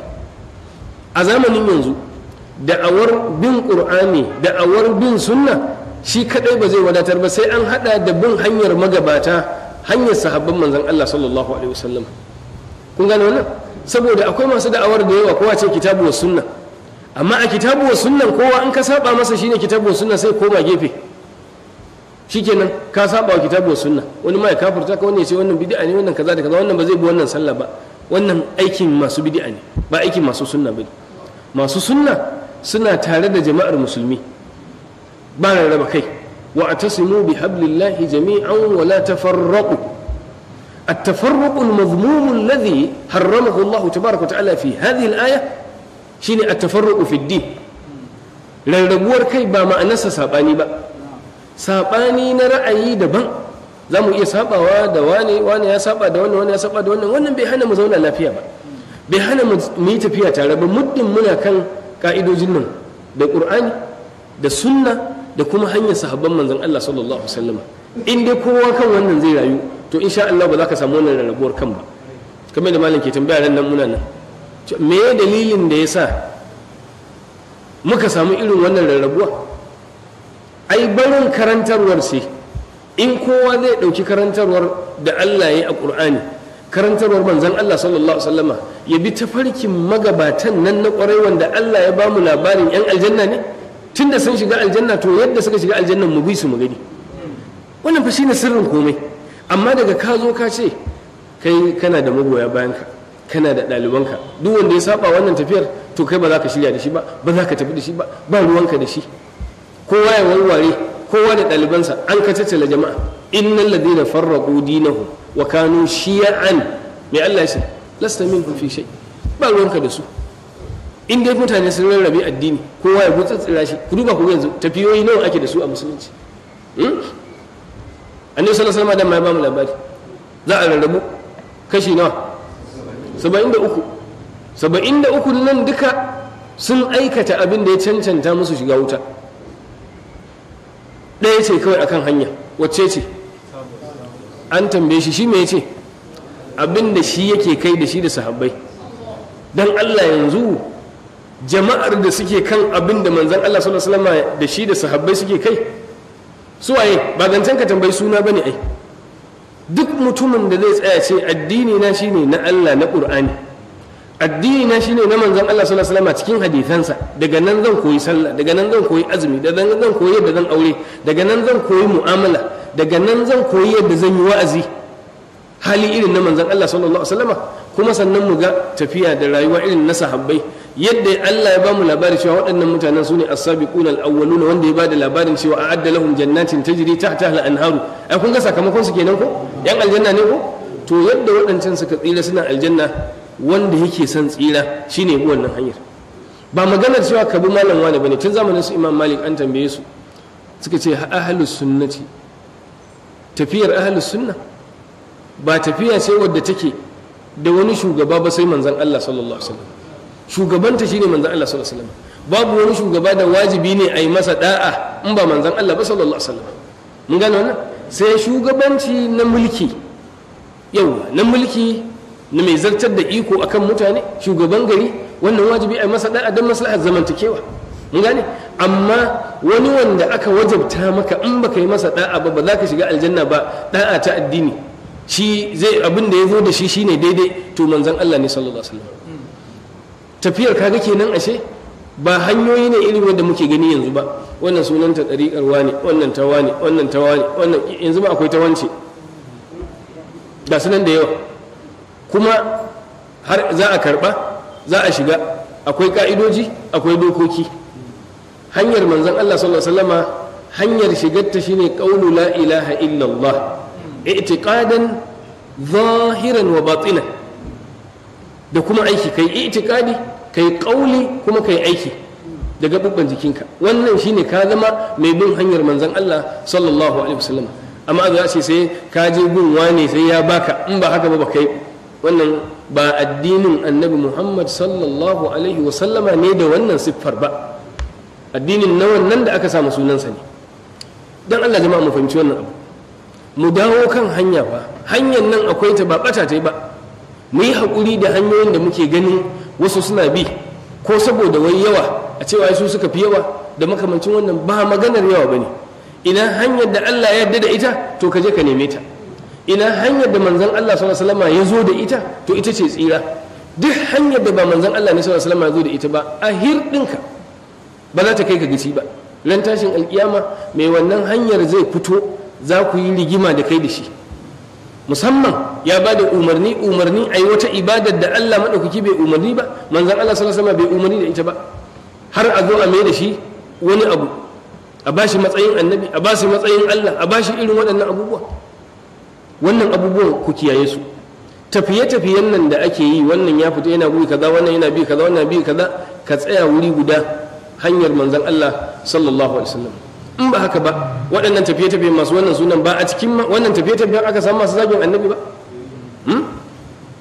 Speaker 2: a zamanin yanzu da'awar bin qur'ani da'awar bin sunna shi kadai ba zai wadatar ba sai an hada da bin hanyar magabata hanyar sahabban manzan Allah sallallahu alaihi wasallam kun gane wannan saboda akwai masu da'awar da yawa kowa ce kitabu sunna amma a kitabu wa kowa an ka saba masa shine kitabu wa sunna sai koma gefe shikenan ka saba wa kitabu sunna wani ma ya kafirta ka wani ya ce wannan bid'a ne wannan kaza da kaza wannan ba zai bi wannan sallah ba wannan aikin masu bid'a ne ba aikin masu sunna bane masu sunna suna tare da jama'ar musulmi ba raba kai wa atasimu bi hablillahi jami'an wa la tafarraqu التفرق المضموم الذي حرمه الله تبارك وتعالى في هذه الآية شيني التفرق في الدين لأن ربور كي با ما أنسى ساباني با saɓani na ra'ayi daban za mu iya saɓawa da wani wani ya saɓa da wannan wani ya saɓa da wannan wannan bai hana mu zauna lafiya ba bai hana mu yi tafiya tare ba muddin muna kan ka'idojin nan da ƙur'ani da sunna da kuma hanyar sahabban manzon Allah sallallahu alaihi wasallam in dai kowa kan wannan zai rayu to insha Allah ba za ka samu wannan rarrabuwar kan ba kamar da malam ke tambaya ran nan muna nan me dalilin da yasa muka samu irin wannan rarrabuwa ai barin karantarwar sai in kowa zai ɗauki karantarwar da Allah ya yi a ƙur'ani karantarwar manzan Allah sallallahu wasallama ya bi tafarkin magabatan nan na ƙwarai wanda Allah ya bamu labarin 'yan aljanna ne Tunda da sun shiga aljanna to yadda suka shiga aljannan mu bi su mu gani wannan fa shine sirrin komai amma daga ka zo ka ce kai kana da magoya bayanka kana da ɗalibanka duk wanda ya saba wannan tafiyar to kai ba za ka shirya da shi ba ba za ka tafi da shi ba ba ruwanka da shi kowa ya warware kowa da ɗalibansa an ka la jama'a innal ladina farraqu dinahum wa kanu shiya'an mai Allah shi lasta minhum fi shay ba ruwanka da su in dai mutane sun rarrabe addini kowa ya gutsatsira shi ku duba ku yanzu tafiyoyi nawa ake da su a musulunci hmm? annabi sallallahu alaihi wasallam da ba mu labari za a rarrabu kashi nawa 73 uku nan duka sun aikata abin da ya cancanta musu shiga wuta ɗaya ce kawai akan hanya wacce ce an tambaye shi shi me ce abin da shi yake kai da shi da sahabbai don allah yanzu jama'ar da suke kan abin da manzan allah sallallahu da shi da sahabbai suke kai su waye ba zancen ka tambayi suna bane ai duk mutumin da zai tsaya ce addini na shine na allah na ƙur'ani. addini na shine na manzon Allah sallallahu alaihi wasallam cikin hadisansa daga nan zan koyi sallah daga nan zan koyi azumi daga nan zan koyi yadda zan aure daga nan zan koyi mu'amala daga nan zan koyi yadda zan yi wa'azi hali irin na manzon Allah sallallahu alaihi wasallam kuma sannan mu ga tafiya da rayuwa irin na sahabbai yadda Allah ya mu labari cewa waɗannan mutanen sune as-sabiquna al-awwaluna wanda ya ba da labarin cewa a'adda lahum jannatin tajri tahtaha al-anharu ai kun ga sakamakon su kenan ko yan aljanna ne ko to yadda waɗancan suka tsira suna aljanna wanda yake son tsira shine bi wannan hanyar ba maganar cewa ka bi malam wani bane tun zamanin su imam malik an tambaye su suka ce ahlus sunnati tafiyar ahalus sunna ba tafiya ce wadda take da wani shugaba ba sai manzon Allah sallallahu alaihi wasallam shugabanta shine manzon Allah sallallahu alaihi wasallam babu wani shugaba da wajibi ne a yi masa da'a in ba manzon Allah ba sallallahu alaihi wasallam mun gane wannan sai shugabanci na mulki yawa na mulki na mai zartar da iko akan mutane shugaban gari wannan wajibi a masa da don maslahar zamantakewa mun gane amma wani wanda aka wajabta maka in baka yi masa da'a ba ba za ka shiga aljanna ba da'a ta addini shi zai abin da ya zo da shi shine daidai to manzon Allah ne sallallahu alaihi wasallam tafiyar kaga kenan ashe ba hanyoyi ne irin wanda muke gani yanzu ba wannan sunanta ɗariƙar wane wannan ta wane wannan ta wane wannan yanzu ba akwai ta wance ga sunan da yawa kuma har za a karba za a shiga akwai ka'idoji akwai dokoki hanyar manzon Allah sallallahu alaihi wasallama hanyar shigarta shine qaulu la ilaha illallah i'tiqadan zahiran wa batinan da kuma aiki kai i'tiqadi kai qauli kuma kai aiki da gabubban jikinka wannan shine ka zama mai bin hanyar manzon Allah sallallahu alaihi wasallama amma za ce sai ka je gunwa ne sai ya baka in ba haka ba ba kai wannan ba addinin annabi muhammad sallallahu alaihi wasallama ne da wannan siffar ba addinin na wannan da aka samu sunansa ne don allah jama'a mu fahimci wannan abu mu dawo kan hanya ba hanyar nan akwai ta ba bata ta ba mu yi haƙuri da hanyoyin da muke ganin wasu suna bi ko saboda wai yawa a cewa su suka fi yawa da makamancin wannan ba maganar yawa ba ne idan hanyar da allah ya yarda da ita to ka je ka neme ta ina hanyar da manzan Allah sallallahu ya zo da ita to ita ce tsira duk hanyar da ba manzan Allah ne sallallahu ya zo da ita ba a hirɗinka ba za ta kai ka gaci ba ran tashin alƙiyama, mai wannan hanyar zai fito za ku yi rigima da kai da shi musamman ya ba da umarni umarni a yi wata ibadar da Allah maɗaukaki bai umarni ba manzan Allah sallallahu alaihi bai umarni da ita ba har a zo a mai da shi wani abu a ba shi matsayin annabi a ba shi matsayin Allah a ba shi irin waɗannan abubuwa wannan abubuwan ku kiyaye su tafiye-tafiyen nan da ake yi wannan ya fita yana bi kaza wannan yana bi kaza wannan bi kaza ka tsaya wuri guda hanyar manzon Allah sallallahu alaihi wasallam in ba haka ba waɗannan tafiye-tafiyen masu wannan sunan ba a cikin wannan tafiye-tafiyen aka samu masu zagin annabi ba hmm?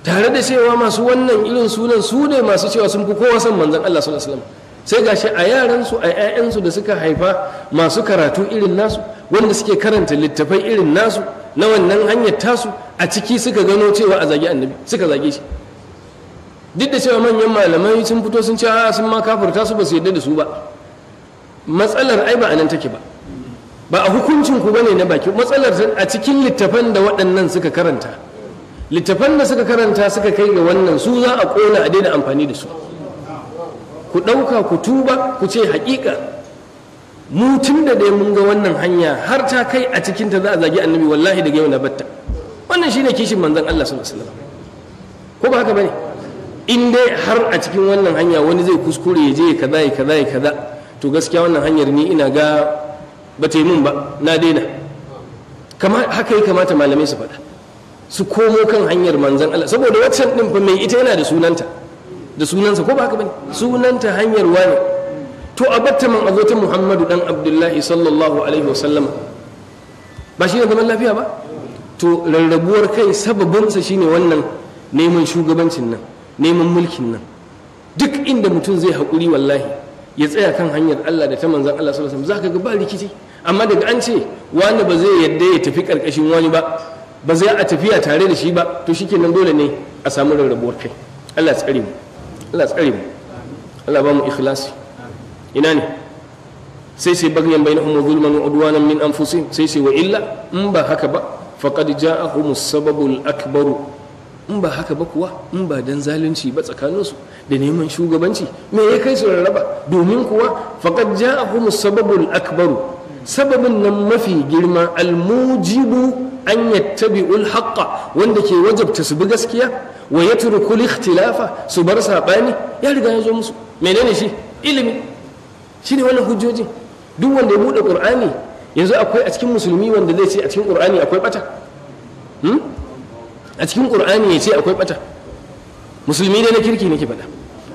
Speaker 2: tare da cewa masu wannan irin sunan su ne masu cewa sun fi kowa san manzon Allah sallallahu alaihi wasallam sai gashi a yaransu a 'ya'yansu da suka haifa masu karatu irin nasu wanda suke karanta littafai irin nasu na wannan hanyar tasu a ciki suka gano cewa a zagi annabi suka zage shi duk da cewa manyan malamai sun fito sun ce a sun ma kafirta su ba su yadda da su ba matsalar ai ba a nan take ba ba a hukuncin ku bane na baki matsalar a cikin littafan da waɗannan suka karanta littafan da suka karanta suka kai ga wannan su za a kona a daina amfani da su ku ɗauka ku tuba ku ce haƙiƙa mu tun da dai mun ga wannan hanya har ta kai a cikin ta za a zagi annabi wallahi daga yau na batta wannan shine kishin manzon Allah sallallahu alaihi wasallam ko ba haka bane in dai har a cikin wannan hanya wani zai kuskure ya je kaza ya kaza ya kaza to gaskiya wannan hanyar ni ina ga ba ta yi mun ba na daina kama haka ya kamata malamai su faɗa su komo kan hanyar manzon Allah saboda waccan din fa mai ita yana da sunanta da sunansa ko ba haka bane sunanta hanyar wani to a batta man ta muhammadu dan abdullahi sallallahu alaihi wasallama ba shi ne zaman lafiya ba to rarrabuwar kai sababinsa shine wannan neman shugabancin nan neman mulkin nan duk inda mutum zai haƙuri wallahi ya tsaya kan hanyar Allah da ta manzan Allah sallallahu alaihi wasallam ka ga ba rikici amma daga an ce wani ba zai yadda ya tafi ƙarƙashin wani ba ba zai a tafiya tare da shi ba to nan dole ne a samu rarrabuwar kai Allah tsare mu Allah tsare mu Allah ba mu ikhlasi ina ne sai sai bagyan bai na zulman gulman udwanan min anfusihim sai sai wa illa in ba haka ba ja a as-sababul akbaru in ba haka ba kuwa in ba dan zalunci ba tsakaninsu da neman shugabanci me ya kai su rarraba domin kuwa ja a as-sababul akbaru sababin nan mafi girma al-mujibu an yattabi'ul haqqa wanda ke wajabta su bi gaskiya wa yatruku ikhtilafa su bar sabani ya riga ya zo musu menene shi ilimi shine wannan hujjojin duk wanda ya bude qur'ani yanzu akwai a cikin musulmi wanda zai ce a cikin qur'ani akwai bata hmm? a cikin qur'ani ya ce akwai bata musulmi ne na kirki nake faɗa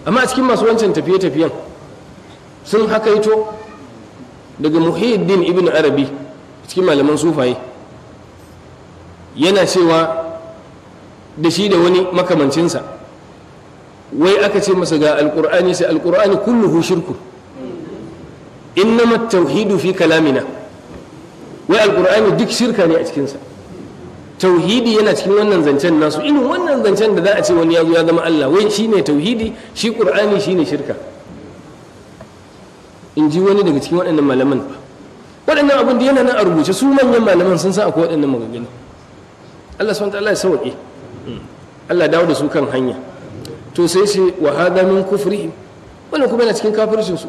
Speaker 2: amma a cikin masu wancan tafiye-tafiyen sun hakaito daga muhiddin ibn arabi cikin malaman sufaye yana cewa da shi da wani makamancinsa wai aka ce masa ga Alƙur'ani sai alkur'ani kulluhu shirku innama tauhidu fi kalamina wai alkur'ani duk shirka ne a cikinsa tauhidi yana cikin wannan zancen nasu irin wannan zancen da za a ce wani ya ya zama Allah wai shi ne tauhidi shi ƙur'ani, shi ne shirka in ji wani daga cikin waɗannan malaman ba waɗannan abin da yana nan a rubuce su manyan malaman sun sa akwai waɗannan maganganu Allah subhanahu Allah ya sauke Allah dawo da su kan hanya to sai ce wa hadha min kufrihim wannan kuma yana cikin kafircin su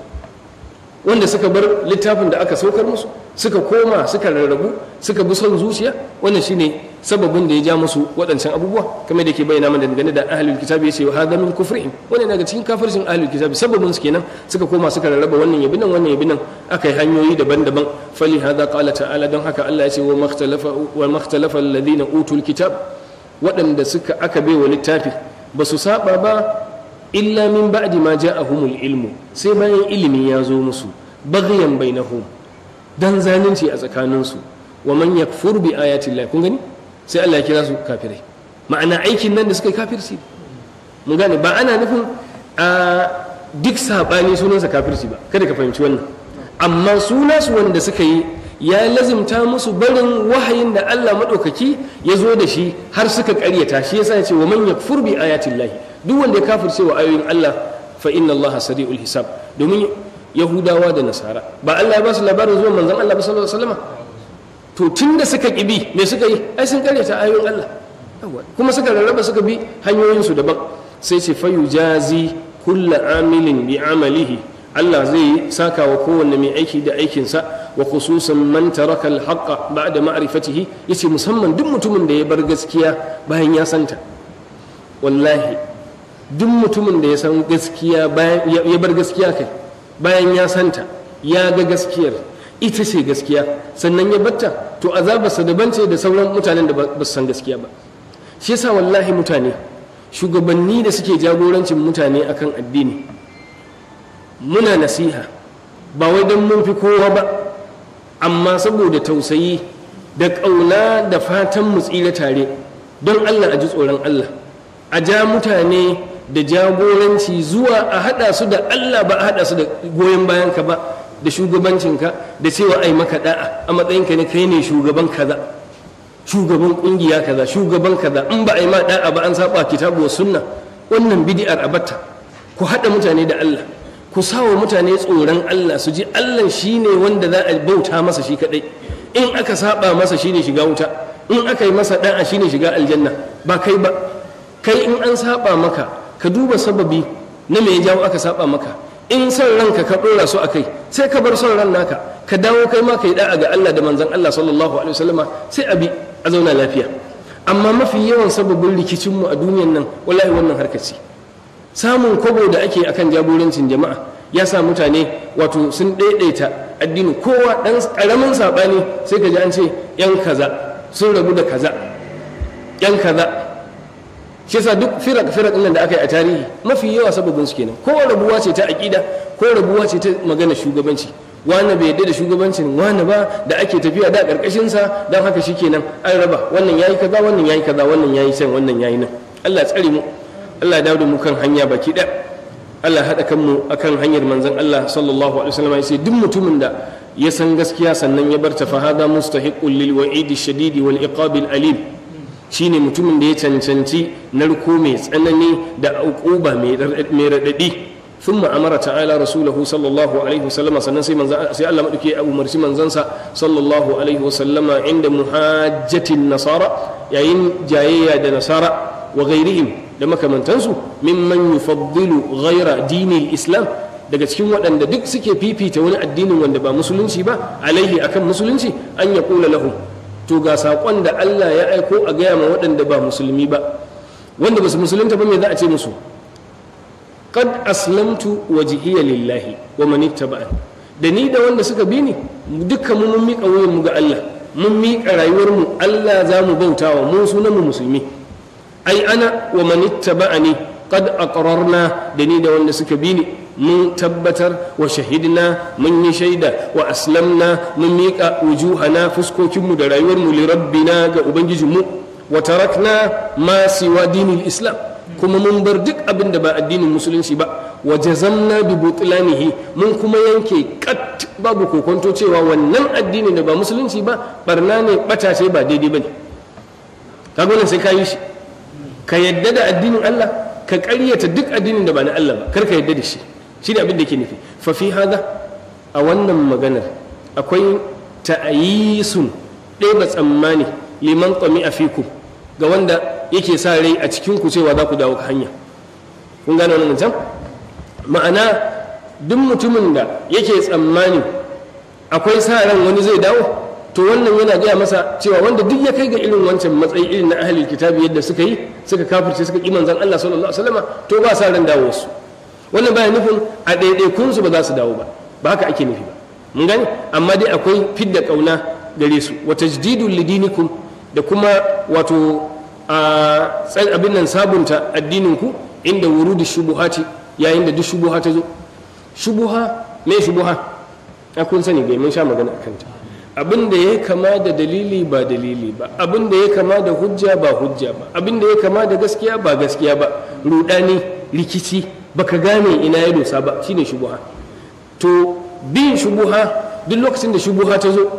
Speaker 2: wanda suka bar littafin da aka saukar musu suka koma suka rarrabu suka bi son zuciya wannan shine sababin da ya ja musu waɗancan abubuwa kamar da ke bayyana mana dangane da ahlul kitabi yace wa hadha min kufrihim wannan daga cikin kafircin ahlul kitabi sababin su kenan suka koma suka rarraba wannan yabi nan wannan yabi nan akai hanyoyi daban-daban fali hadha qala ta'ala don haka Allah yace wa makhtalafa wa makhtalafa alladhina utul kitab waɗanda suka aka bai wa littafi ba su saba ba illa min ba'di ma ja'ahumul ilmu sai bayan ilimi ya zo musu baghyan bainahum dan zalunci a tsakaninsu wa man yakfur bi ayati llahi kun gani sai Allah ya kira su kafirai ma'ana aikin nan da suka yi kafirci mun gane ba ana nufin a duk sabani sunansa kafirci ba kada ka fahimci wannan amma suna su wanda suka yi ya lazimta musu barin wahayin da Allah madaukaki ya zo da shi har suka ƙaryata shi yasa ya ce wa man yakfur bi ayati llahi duk wanda ya kafirce wa ayoyin Allah fa inna Allah sari'ul hisab domin Yahudawa da Nasara ba Allah ya ba su labarin zuwan manzon Allah ba sallallahu alaihi to tunda suka kibi me suka yi ai sun karyata ayoyin Allah kuma suka rarraba suka bi hanyoyin su daban sai ce fayujazi kullu amilin bi amalihi Allah zai saka wa kowanne mai aiki da aikinsa wa khususan man taraka al-haqqa ba'da ma'rifatihi yace musamman duk mutumin da ya bar gaskiya bayan ya santa wallahi duk mutumin da ya san gaskiya ya bar gaskiya kai bayan ya santa ya ga gaskiyar ita ce gaskiya sannan ya batta to azabarsa daban ce da sauran mutanen da ba su san gaskiya ba shi yasa wallahi mutane shugabanni da suke jagorancin mutane akan addini muna nasiha ba wai don mun fi kowa ba amma saboda tausayi da ƙauna da fatan mu tsira tare don allah a ji tsoron allah a ja mutane da jagoranci zuwa a haɗa su da Allah ba a haɗa su da goyon bayan ka ba da shugabancinka da cewa ai maka da'a a matsayinka ne kai ne shugaban kaza shugaban kungiya kaza shugaban kaza in ba ai ma da'a ba an saba kitabu sunna wannan bid'ar abatta ku haɗa mutane da Allah ku sawa mutane tsoron Allah su ji Allah shine wanda za a bauta masa shi kadai in aka saba masa shine shiga wuta in aka yi masa da'a shine shiga aljanna ba kai ba kai in an saba maka ka duba sababi na mai jawo aka saba maka in son ranka ka ɓura su a kai, sai ka bar son ran naka ka dawo kai ma ka yi da'a ga Allah da manzon Allah sallallahu alaihi wasallama sai abi a zauna lafiya amma mafi yawan sababin rikicinmu a duniyan nan wallahi wannan harkaci samun kobo da ake akan jagorancin jama'a ya sa mutane wato sun ɗaiɗaita addini kowa dan karamin saɓani sai ka ji an ce yan kaza sun rabu da kaza yan kaza shi yasa duk firak firak nan da aka yi a tarihi mafi yawa sababin su kenan ko rabuwa ce ta aqida ko rabuwa ce ta magana shugabanci wani bai yadda da shugabancin wani ba da ake tafiya da karkashin sa dan haka shikenan an raba wannan yayi kaza wannan yayi kaza wannan yayi san wannan yayi nan Allah tsare mu Allah ya dawo da mu kan hanya baki da Allah haɗa kanmu akan hanyar manzon Allah sallallahu alaihi wasallam sai duk mutumin da ya san gaskiya sannan ya bar ta fa hada mustahiqul lil wa'idi shadidi wal iqabil alim shine mutumin da ya cancanci narko mai tsanani da uquba mai raɗaɗi thumma amara ta'ala rasulahu sallallahu alaihi wasallama sannan sai manzo sai Allah madauke ya umarci manzansa sallallahu alaihi wasallama inda muhajjatin nasara yayin jayayya da nasara wa ghairihim da makamantansu mimman yufaddilu ghaira dini islam daga cikin waɗanda duk suke fifita wani addinin wanda ba musulunci ba alaihi akan musulunci an yaqula lahum to ga saƙon da Allah ya aiko a gaya ma waɗanda ba musulmi ba wanda ba su musulunta ba me za a ce musu qad aslamtu wajhiya lillahi wa man ittaba'an da ni da wanda suka bi ni dukkan mu mun miƙa wayan mu ga Allah mun miƙa rayuwar mu Allah za mu bautawa mun sunan mu musulmi ai ana wa man ittaba'ani a aqrarna da ni da wanda suka bi ni mun tabbatar wa shahidna mun yi shaida wa aslamna mun miƙa wujuhana fuskokinmu da rayuwarmu li rabbina ga ubangijinmu wa tarakna ma siwa dinil islam kuma mun bar duk abin da ba addinin musulunci ba wa jazamna bi butlanihi mun kuma yanke kat babu kokonto cewa wannan addinin da ba musulunci ba barna ne bata ba daidai bane kaga wannan sai ka yi shi ka yadda da addinin Allah ka ƙaryata duk addinin da ba na Allah ba kar ka yarda da shi shine abin da yake nufi fa fi hada a wannan maganar akwai ta'ayisun ɗeba tsammani liman tsami a fiku ga wanda yake sa rai a cikin ku cewa za ku dawo ka hanya kun gane wannan can ma'ana duk mutumin da yake tsammani akwai sa ran wani zai dawo to wannan yana gaya masa cewa wanda duk ya kai ga irin wancan matsayi irin na ahalil kitabi yadda suka yi suka kafirce suka iman zan Allah sallallahu alaihi wasallam to ba sa ran dawo su wannan bayan nufin a ɗaiɗaikun su ba za su dawo ba ba haka ake nufi ba mun gani amma dai akwai fidda kauna gare su wa tajdidu lidinikum da kuma wato a abin nan sabunta addinin ku inda wurudi shubuhati yayin da duk shubuha ta zo shubuha me shubuha a kun sani ga mun sha magana akan ta abin da ya kama da dalili ba dalili ba abin da ya kama da hujja ba hujja ba abin da ya kama da gaskiya ba gaskiya ba rudani rikici baka gane ina ya dosa ba shine shubuha to bin shubuha duk lokacin da shubuha ta zo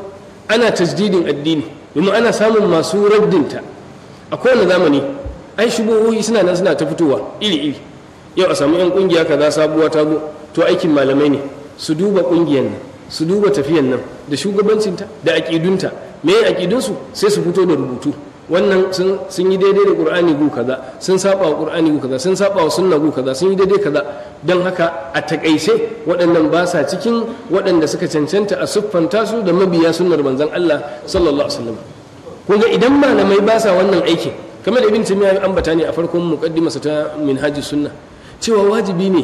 Speaker 2: ana tasdidin addini domin ana samun masu raddinta a kowane zamani ai shubuhohi suna nan suna ta fitowa iri iri yau a samu yan kungiya kaza sabuwa ta zo to aikin malamai ne su duba kungiyar nan su duba tafiyan nan da shugabancinta da aƙidunta me aƙidunsu sai su fito da rubutu wannan sun yi daidai da ƙur'ani gu kaza sun saba wa ƙur'ani gu kaza sun saba wa sunna gu kaza sun yi daidai kaza don haka a takaice waɗannan ba sa cikin waɗanda suka cancanta a siffanta su da mabiya sunnar manzon Allah sallallahu alaihi wasallam kun ga idan malamai ba sa wannan aiki, kamar da ibn timiya ambata ne a farkon muqaddimarsa ta minhaji sunna cewa wajibi ne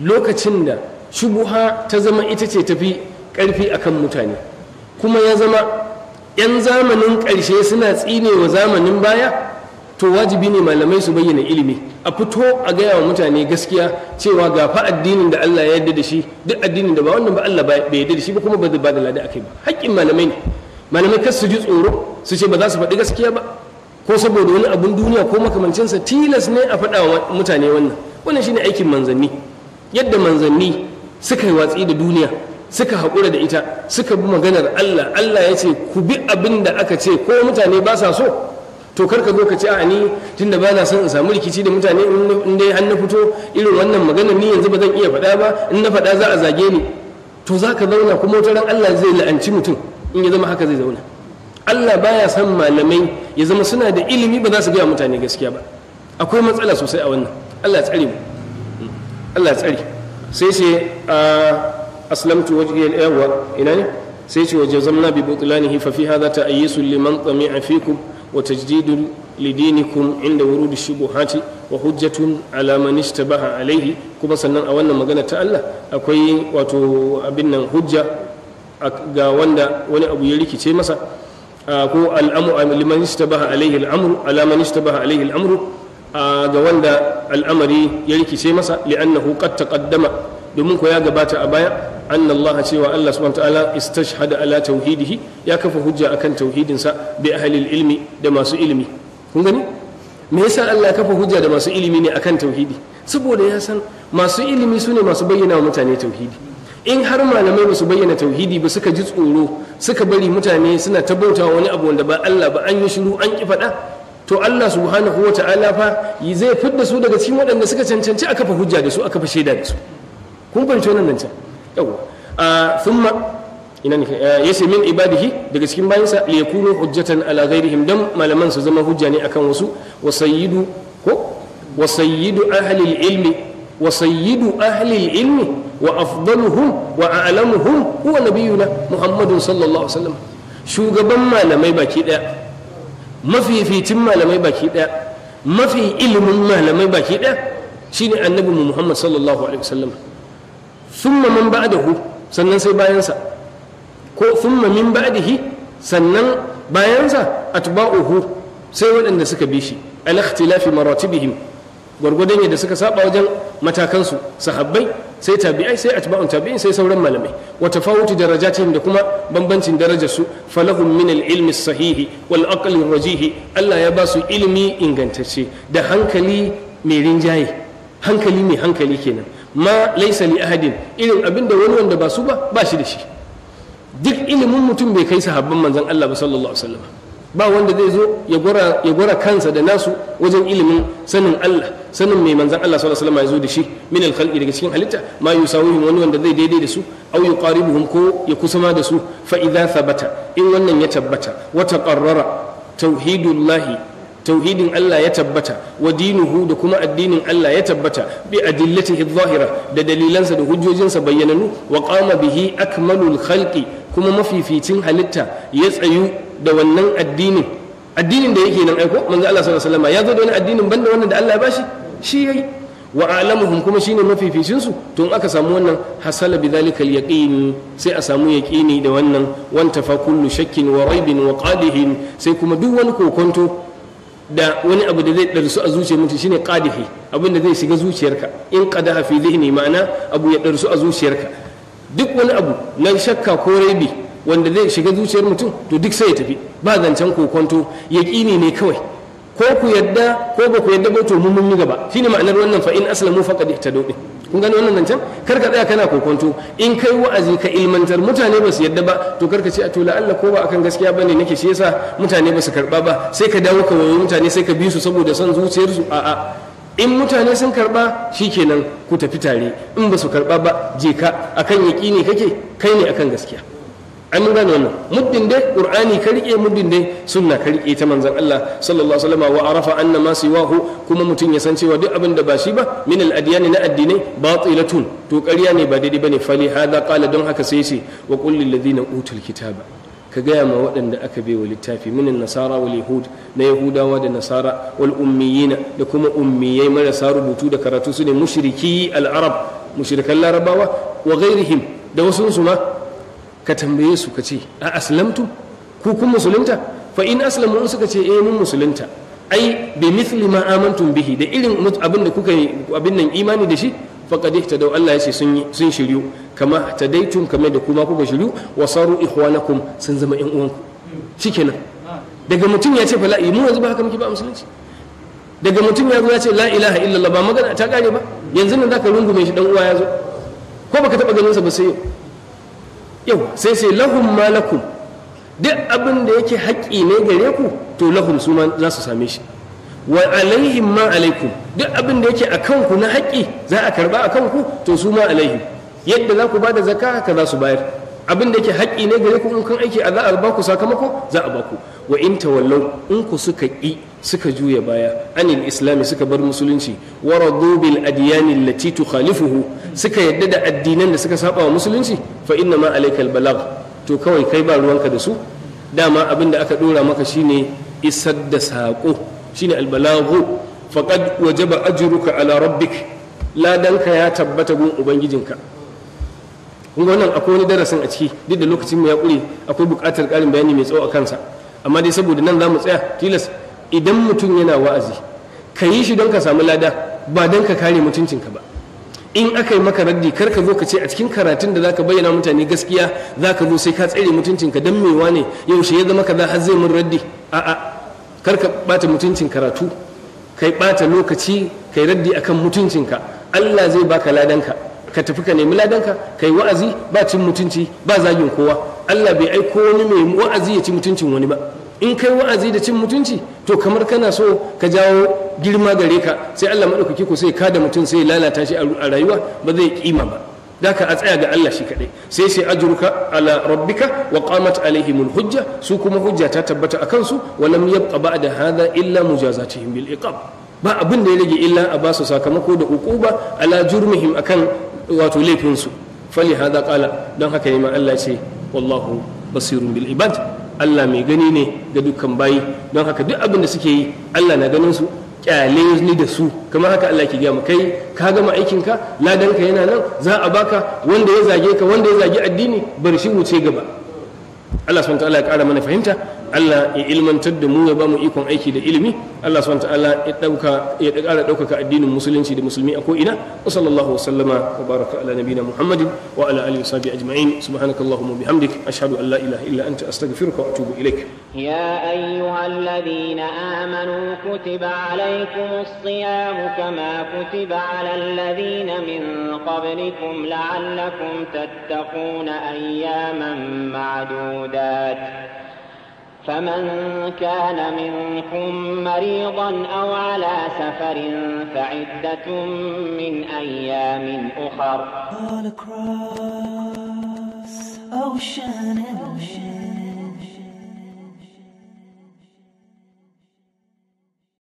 Speaker 2: lokacin da shubuha ta zama ita ce tafi ƙarfi akan mutane kuma ya zama 'yan zamanin ƙarshe suna tsine wa zamanin baya to wajibi ne malamai su bayyana ilimi a fito a gaya wa mutane gaskiya cewa ga fa addinin da Allah ya yarda da shi duk addinin da ba wannan ba Allah bai yarda da shi ba kuma ba da lada akai ba haƙƙin malamai ne malamai kar su ji tsoro su ce ba za su faɗi gaskiya ba ko saboda wani abun duniya ko makamancinsa tilas ne a faɗa wa mutane wannan wannan shine aikin manzanni yadda manzanni suka yi watsi da duniya suka haƙura da ita suka bi maganar Allah Allah ya ce ku bi abin da aka ce ko mutane ba sa so to kar ka zo ka ce a ni tunda ba na son in samu rikici da mutane in dai har na fito irin wannan maganar ni yanzu ba zan iya faɗa ba in na faɗa za a zage ni to za ka zauna kuma wata ran Allah zai la'anci mutum in ya zama haka zai zauna Allah baya son malamai ya zama suna da ilimi ba za su gaya mutane gaskiya ba akwai matsala sosai a wannan Allah tsare mu hmm. Allah tsare sai sai aslamtu wajhi yawa ina ne sai ce waje zamna bi butlanihi fa fi hadha ta'yisu liman tami'a fikum wa tajdidun lidinikum inda wurudi shubuhati wa hujjatun ala man ishtabaha alayhi kuma sannan a wannan magana ta Allah akwai wato abin nan hujja ga wanda wani abu ya rikice masa ko al'amu liman ishtabaha alayhi al'amru ala man ishtabaha alayhi al'amru ga wanda al'amari ya rikice masa li'annahu qad taqaddama domin ko ya gabata a baya anna Allah cewa Allah subhanahu ta'ala istashhada ala tauhidihi ya kafa hujja akan tauhidin sa bi ahli ilmi da masu ilmi. kun gani me yasa Allah kafa hujja da masu ilimi ne akan tauhidi saboda ya san masu ilimi sune masu bayyana wa mutane tauhidi in har malamai ba su bayyana tauhidi ba suka ji tsoro suka bari mutane suna ta wani abu wanda ba Allah ba an yi shiru an ki faɗa to Allah subhanahu wa ta'ala fa zai fidda su daga cikin waɗanda suka cancanci a kafa hujja da su a kafa shaida da su kun fahimci wannan nan can yawa ah, thumma ina ne eh, yace min ibadihi daga cikin bayansa li yakunu hujjatan ala ghairihim dan malaman su zama hujja ne akan wasu wa sayyidu ko wa sayyidu ahli ilmi wa sayyidu ahli ilmi wa afdaluhum wa a'lamuhum huwa nabiyuna muhammadun sallallahu alaihi wasallam shugaban malamai baki daya fitin malamai baki daya mafi ilimin malamai baki daya shine annabi muhammad sallallahu alaihi wasallam thumma man ba'dahu sannan sai bayansa ko thumma min ba'dihi sannan bayansa atba'uhu sai waɗanda suka bi shi al ikhtilafi maratibihim gwargwadon yadda suka saba wajen matakansu sahabbai sai tabi'ai sai atba'un tabi'in sai sauran malamai wa tafawutu darajatihim da kuma bambancin darajar su falahum min al-ilmi sahihi wal aqli rajihi Allah ya ba su ilimi ingantacce da hankali mai rinjaye hankali mai hankali kenan ma laisa li ahadin irin abin da wani wanda ba su ba ba shi da shi duk ilimin mutum bai kai sahabban manzon Allah ba sallallahu alaihi wasallam ba wanda zai zo ya gwara ya kansa da nasu wajen ilimin sanin Allah sanin mai manzon Allah sallallahu alaihi wasallam ya zo da shi min al khalqi daga cikin halitta ma yusawihim wani wanda zai daidai da su aw yuqaribuhum ko ya kusama da su fa idza thabata in wannan ya tabbata wa taqarrara tauhidullahi tauhidin Allah ya tabbata wa dinuhu da kuma addinin Allah ya tabbata bi adillatihi zahira da dalilansa da hujjojinsa bayyananu wa qama bihi akmalul khalqi kuma mafificin halitta ya tsayu da wannan addinin addinin da yake nan aiko manzo Allah sallallahu alaihi wasallam ya zo da wani addinin banda wannan da Allah ya bashi shi yayi wa alamuhum kuma shine mafificin su to in aka samu wannan hasala bidhalika al-yaqin sai a samu yaqini da wannan wan tafakullu shakkin wa raibin wa qadihin sai kuma duk wani kokonto da wani abu da zai ɗarsu a zuciyar mutum shine qadihi abin da zai shiga zuciyarka in qadaha fi ne ma'ana abu ya ɗarsu a zuciyarka duk wani abu na shakka ko rabi wanda zai shiga zuciyar mutum to duk sai ya tafi ba zancen kokonto yaƙini ne kawai ko ku yadda ko ba ku yadda ba to mun mun gaba shine ma'anar wannan fa in aslamu faqad ihtadu kun gani wannan zancen kar ka tsaya kana kokonto in kai wa'azi ka ilmantar mutane ba su yadda ba to kar ka ce a to Allah ko ba akan gaskiya bane nake shi yasa mutane ba su karba ba sai ka dawo ka wayo mutane sai ka bi su saboda son zuciyarsu a'a in mutane sun karba kenan ku tafi tare in ba su karba ba je ka akan yaƙini kake kai ne akan gaskiya an gane wannan muddin dai qur'ani ka rike muddin dai sunna ka rike ta manzon Allah sallallahu alaihi wasallam wa arafa anna ma siwahu kuma mutun ya san cewa duk abin da ba shi ba min al adyan na addinai batilatun to ƙarya ne ba daidai bane fali hada qala don haka sai ce wa qul lil ladina utul kitaba ka gaya ma waɗanda aka bai wa littafi minin nasara wal yahud na yahudawa da nasara wal ummiyina da kuma ummiyai marasa rubutu da karatu su ne mushriki al arab mushrikan larabawa wa ghairihim da wasu su ma ka tambaye su ka ce a aslamtu ku kun musulunta fa in aslamu in suka ce eh mun musulunta ai bi mithli ma amantum bihi da irin abin da kuka abin nan imani da shi Fa ta ihtadaw Allah ya ce sun sun shiryu kama tadaitum kamar da kuma kuka shiryu wa saru ikhwanakum sun zama ƴan uwanku shikenan daga mutum ya ce fa la eh, mu yanzu ba haka muke ba musulunci daga mutum ya zo ya ce la ilaha illallah ba magana ta kare ba yanzu nan zaka rungume shi dan uwa ya zo ko baka taba ganin sa ba sai yau yau sai sai lahun malakun duk abin da yake haƙƙi ne gare ku to lahun su za su same shi wa alaihim ma alaikum duk abin da yake a kanku na haƙƙi za a karba a kanku to su ma alaihim yadda za ku ba da zaka haka za su bayar abin da yake haƙƙi ne gare ku in kan aiki a za a ba ku sakamako za a ba ku wa in tawallau in ku suka ƙi suka juya baya anil islami suka bar musulunci waradu bil adyani allati tukhalifuhu suka yadda da addinan da suka saba wa musulunci fa inna ma alayka al balagh to kawai kai ba ruwanka da su dama abin da aka dora maka shine isar da sako shine al balagh faqad wajaba ajruka ala rabbik ladanka ya tabbata gun ubangijinka kun wannan akwai wani darasin a ciki duk da lokacin mu ya kure akwai buƙatar ƙarin bayani mai tsawo a kansa amma dai saboda nan za mu tsaya tilas idan mutum yana wa'azi ka yi shi don ka samu lada ba don ka kare mutuncinka ba in aka yi maka raddi kar ka zo ka ce a cikin karatun da zaka bayyana mutane gaskiya za ka zo sai ka tsere mutuncinka don mewa ne yaushe ya zama kaza har zai mun raddi a'a kar ka bata mutuncin karatu kai bata lokaci kai raddi akan mutuncinka Allah zai baka ladanka ka tafi ka nemi ladanka kai wa'azi ba cin mutunci ba zagin kowa Allah bai aiko wani mai wa'azi ya ci mutuncin wani ba in kai wa'azi da cin mutunci to kamar kana so ka jawo girma gare ka sai Allah madaukaki ko sai ka da mutum sai lalata shi a rayuwa ba zai kima ba daka a tsaya ga Allah shi kadai sai sai ajruka ala rabbika wa qamat alaihimul hujja su kuma hujja ta tabbata akan su wa lam yabqa ba'da hadha illa mujazatihim bil iqab ba abin da ya rage illa a basu sakamako da uquba ala jurmihim akan wato laifin su fali hada qala don haka ne ma Allah ce wallahu basirun bil ibad Allah mai gani ne ga dukkan bayi don haka duk abin da suke yi Allah na ganin su kyale ni da su kamar haka Allah ke gaya mu kai ka gama aikinka ka ka yana nan za a baka wanda ya zage ka wanda ya zage addini bar shi wuce gaba Allah subhanahu wa ta'ala ya kara mana fahimta Allah ya ilmantar da mu ya ba mu ikon aiki da ilimi Allah subhanahu wa ta'ala ya dauka ya ƙara daukaka addinin musulunci da musulmi a ko ina wa sallallahu wa sallama wa baraka ala nabina muhammadin wa ala alihi wa sahbihi ajma'in subhanakallahumma bihamdik ashhadu an la ilaha illa anta astaghfiruka wa atubu ilaik ya ayyuhalladhina amanu kutiba alaykumus siyam kama kutiba alal ladhina min qablikum la'allakum tattaquna ayyaman
Speaker 1: ma'dudat فمن كان منكم
Speaker 2: مريضا أو على سفر فعدة من أيام أخر All across ocean and ocean